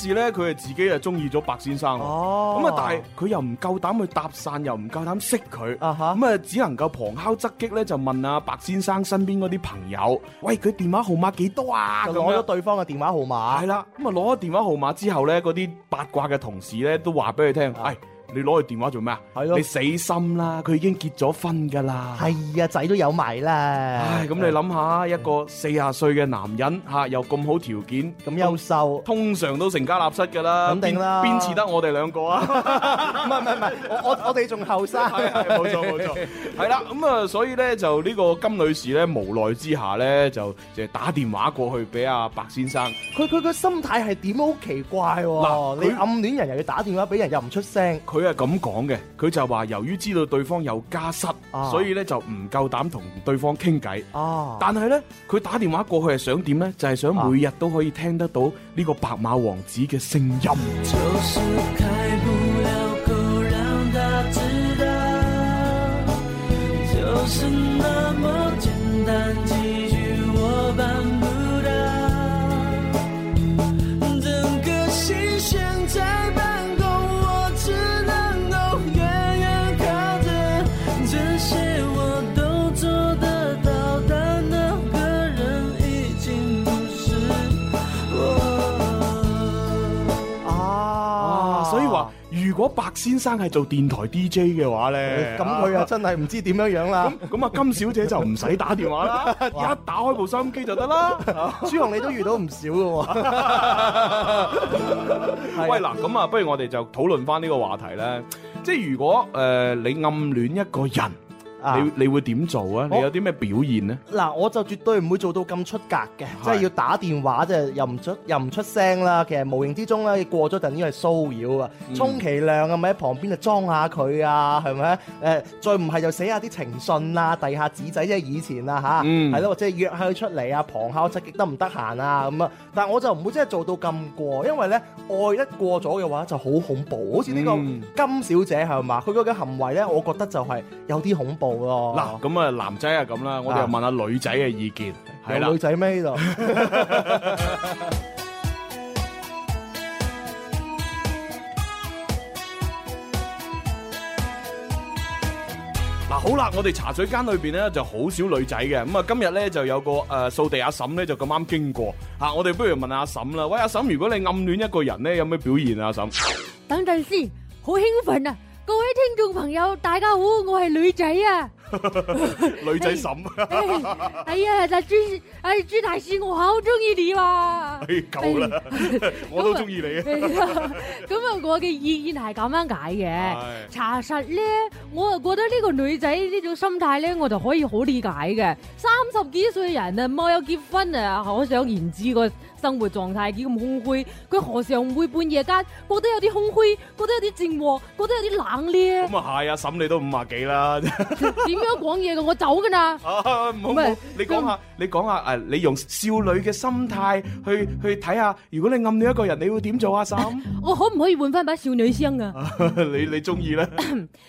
事咧，佢係自己啊，中意咗白先生。哦，咁啊，但係佢又唔夠膽去搭訕，又唔夠膽識佢。啊哈、uh，咁啊，只能夠旁敲側擊咧，就問阿白先生身邊嗰啲朋友，喂，佢電話號碼幾多啊？就攞咗對方嘅電話號碼。係啦，咁啊，攞咗電話號碼之後咧，嗰啲八卦嘅同事咧，都話俾佢聽。Huh. 哎你攞佢電話做咩啊？係咯，你死心啦！佢已經結咗婚噶啦。係啊，仔都有埋啦。唉，咁你諗下，一個四十歲嘅男人嚇，又咁好條件，咁優秀，通常都成家立室噶啦。肯定啦，邊似得我哋兩個啊？唔係唔係唔係，我我我哋仲後生。係係，冇錯冇錯。係啦，咁啊，所以咧就呢個金女士咧無奈之下咧就就係打電話過去俾阿白先生。佢佢個心態係點好奇怪喎？嗱，你暗戀人又要打電話俾人又唔出聲，佢。佢係咁講嘅，佢就話由於知道對方有家室，啊、所以咧就唔夠膽同對方傾偈。哦、啊，但係咧，佢打電話過去係想點呢？就係、是、想每日都可以聽得到呢個白馬王子嘅聲音。啊音樂白先生係做電台 DJ 嘅話咧，咁佢又真係唔知點樣樣啦。咁咁啊，金小姐就唔使打電話啦， 一打開一部收音機就得啦。朱紅 你都遇到唔少噶喎。喂，嗱， 咁啊，不如我哋就討論翻呢個話題咧。 即係如果誒你暗戀一個人。啊、你你會點做啊？你有啲咩表現呢？嗱、啊，我就絕對唔會做到咁出格嘅，是即係要打電話，即係又唔出又唔出聲啦。其實無形之中咧，過咗陣已經係騷擾啊。嗯、充其量咁喺旁邊就裝下佢啊？係咪？誒、呃，再唔係就寫下啲情信啊，遞下紙仔即係以前啊吓，係咯、嗯啊，或者約下佢出嚟啊，旁敲側擊得唔得閒啊咁啊？但係我就唔會真係做到咁過，因為咧愛一過咗嘅話就好恐怖，嗯、好似呢個金小姐係嘛？佢個嘅行為咧，我覺得就係有啲恐怖。冇咯，嗱咁、嗯、啊男仔啊咁啦，我哋又問下女仔嘅意見，係啦、啊，了女仔咩度？嗱、 啊、好啦，我哋茶水間裏邊咧就好少女仔嘅，咁、嗯、啊今日咧就有個誒掃、呃、地阿嬸咧就咁啱經過，吓、啊、我哋不如問，問阿嬸啦，喂阿嬸，如果你暗戀一個人咧，有咩表現啊？阿嬸，等陣先，好興奮啊！各位聽眾朋友，大家好，我係女仔啊， 女仔嬸嬸，係 啊、 哎，嗱、哎哎哎、朱，誒朱大師，我好中意你啊！係咁啦， 我都中意你啊，咁 啊、嗯哎嗯哎，我嘅意見係咁樣解嘅，查實咧，我就覺得呢個女仔呢種心態咧，我就可以好理解嘅，三十幾歲人啊，冇有結婚啊，可想言之個。生活狀態幾咁空虛，佢何時又唔會半夜間覺得有啲空虛，覺得有啲寂寞，覺得有啲冷呢？咁啊係啊，沈你都五啊幾啦？點 樣講嘢嘅，我走㗎啦！唔好唔好你講下、嗯、你講下誒，你用少女嘅心態去去睇下，如果你暗戀一個人，你會點做啊？沈， 我可唔可以換翻把少女聲啊？ 你你中意啦。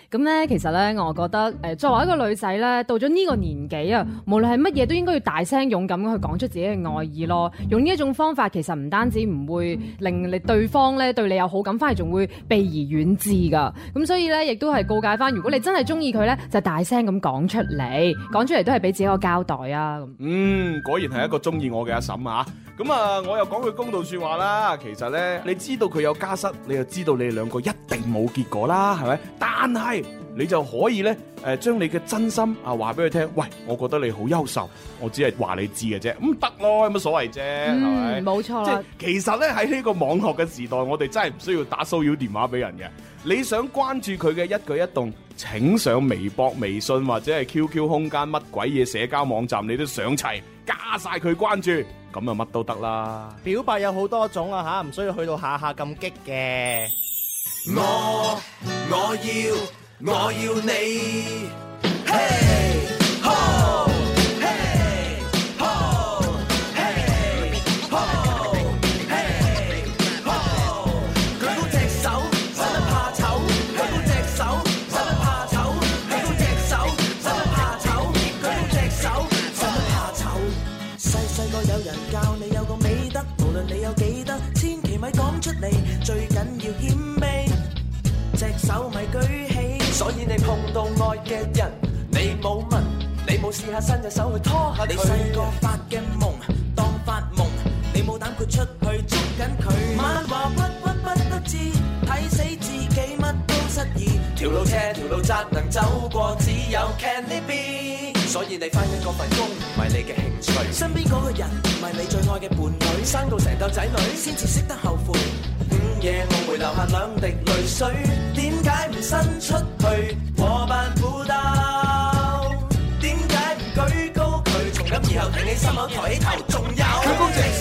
咁咧、 嗯，其實咧，我覺得誒，作為一個女仔咧，到咗呢個年紀啊，無論係乜嘢，都應該要大聲勇敢咁去講出自己嘅愛意咯，用呢一種。方法其實唔單止唔會令你對方咧對你有好感，反而仲會避而遠之噶。咁所以咧，亦都係告誡返，如果你真係中意佢咧，就大聲咁講出嚟，講出嚟都係俾自己一個交代啊。嗯，果然係一個中意我嘅阿嬸、嗯、啊。咁啊，我又講句公道說話啦。其實咧，你知道佢有家室，你就知道你哋兩個一定冇結果啦，係咪？但係，你就可以咧，誒將你嘅真心啊話俾佢聽。喂，我覺得你好優秀，我只係話你知嘅啫，咁得咯，有乜所謂啫？係咪、嗯？冇錯。即係其實咧喺呢個網絡嘅時代，我哋真係唔需要打騷擾電話俾人嘅。你想關注佢嘅一舉一動，請上微博、微信或者係 QQ 空間乜鬼嘢社交網站，你都上齊，加晒佢關注，咁啊乜都得啦。表白有好多種啊嚇，唔需要去到下下咁激嘅。我我要。我要你，嘿，吼，嘿，吼，嘿，吼，嘿，吼，舉高隻手，使乜怕醜？舉高隻手，使乜怕醜？舉高隻手，使乜怕醜？舉高隻手，使乜怕醜？細細個有人教你有個美德，無論你有幾得，千祈咪講出嚟，最緊要謙卑，隻手咪舉。所以你碰到愛嘅人，你冇問，你冇試下伸隻手去拖下佢。你細個發嘅夢，當發夢，你冇膽豁出去捉緊佢。萬話鬱鬱不得志，睇死自己乜都失意。條路斜，條路窄，能走過只有 canibee。所以你翻緊嗰份工，唔係你嘅興趣。身邊嗰個人唔係你最愛嘅伴侶，生到成竇仔女，先至識得後悔。午夜我會流下兩滴淚水，點解唔伸出去？我扮苦鬥，點解唔舉高佢？從今以後挺起心口，抬起頭，仲有舉高隻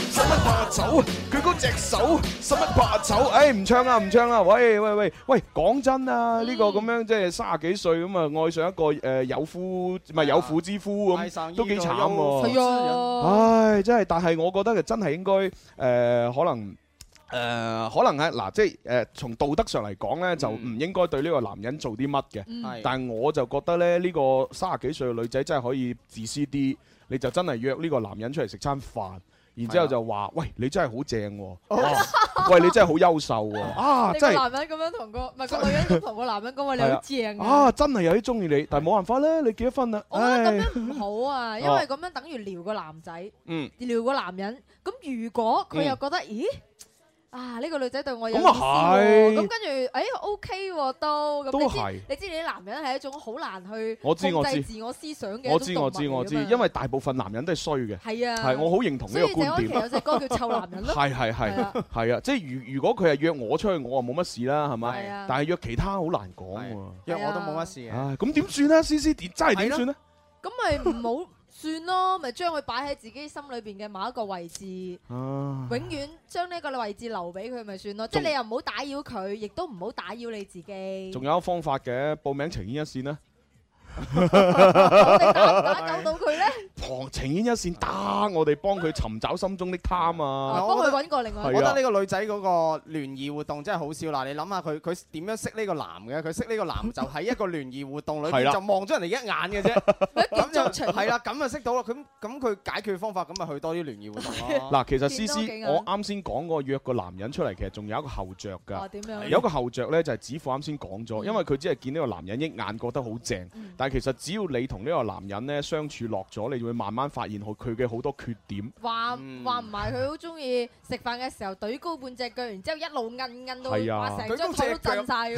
手。使乜怕醜啊！佢嗰隻手使乜怕醜？誒，唔唱啦，唔唱啦。喂喂喂喂，講真啊，呢個咁樣即係三十幾歲咁啊，愛上一個誒有夫唔係有婦之夫咁，都幾慘喎。係啊，唉，真係。但係我覺得佢真係應該誒，可能誒，可能係嗱，即係誒，從道德上嚟講咧，就唔應該對呢個男人做啲乜嘅。係，但係我就覺得咧，呢個三十幾歲嘅女仔真係可以自私啲，你就真係約呢個男人出嚟食餐飯。然之後就話：啊、喂，你真係好正喎、哦！哦、喂， 你真係好優秀喎、哦！啊，即係個男人咁樣同個唔係個女人同個男人講話你好正啊！真係有啲中意你， 但係冇辦法咧，你結咗婚啦。我覺得咁樣唔好啊， 因為咁樣等於撩個男仔，撩、嗯、個男人。咁如果佢又覺得、嗯、咦？啊！呢個女仔對我有啲先喎，咁跟住，哎，OK 喎都，都係。你知你啲男人係一種好難去控制自我思想嘅，我知我知我知，因為大部分男人都係衰嘅。係啊，係我好認同呢個觀點。所以就有隻歌叫《臭男人》咯？係係係，係啊！即係如如果佢係約我出去，我啊冇乜事啦，係咪？係啊。但係約其他好難講喎，約我都冇乜事。唉，咁點算咧？絲絲點真係點算咧？咁咪唔好算咯，咪將佢擺喺自己心裏邊嘅某一個位置，啊、永遠將呢一個位置留俾佢咪算咯。還 即係你又唔好打擾佢，亦都唔好打擾你自己。仲有一個方法嘅，報名呈現一線咧。我哋打唔打救到佢咧？情牽一線，打我哋幫佢尋找心中的他嘛！我幫佢揾個另外。我覺得呢個女仔嗰個聯誼活動真係好笑啦。嗱，你諗下佢佢點樣識呢個男嘅？佢識呢個男就喺一個聯誼活動裏邊就望咗人哋一眼嘅啫。咁就係啦，咁就識到啦。咁咁佢解決方法咁咪去多啲聯誼活動咯。嗱，其實思思我啱先講嗰個約個男人出嚟，其實仲有一個後著噶。哦，點樣？有一個後著咧就係子富啱先講咗，因為佢只係見呢個男人一眼覺得好正，但係。但其實只要你同呢個男人咧相處落咗，你就會慢慢發現佢佢嘅好多缺點。話話唔埋佢好中意食飯嘅時候懟高半隻腳，然之後一路揞揞到，哇成張台都震晒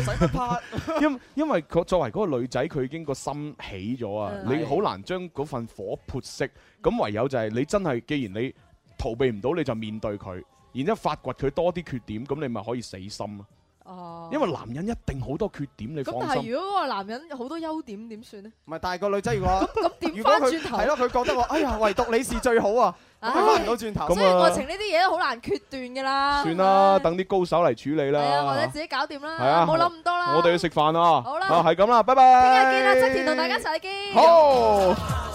。因因為佢作為嗰個女仔，佢已經個心起咗啊！ 你好難將嗰份火潑熄。咁唯有就係你真係，既然你逃避唔到，你就面對佢，然之後發掘佢多啲缺點，咁你咪可以死心。哦，因為男人一定好多缺點，你放心。咁但係如果嗰個男人有好多優點點算咧？唔係大個女仔如果咁咁點翻轉頭？係咯，佢覺得我哎呀，唯獨你是最好啊！翻唔到轉頭，所以愛情呢啲嘢都好難決斷噶啦。算啦，等啲高手嚟處理啦。係啊，或者自己搞掂啦，冇諗咁多啦。我哋去食飯啊！好啦，係咁啦，拜拜。聽日見啦，側田同大家一齊見。好。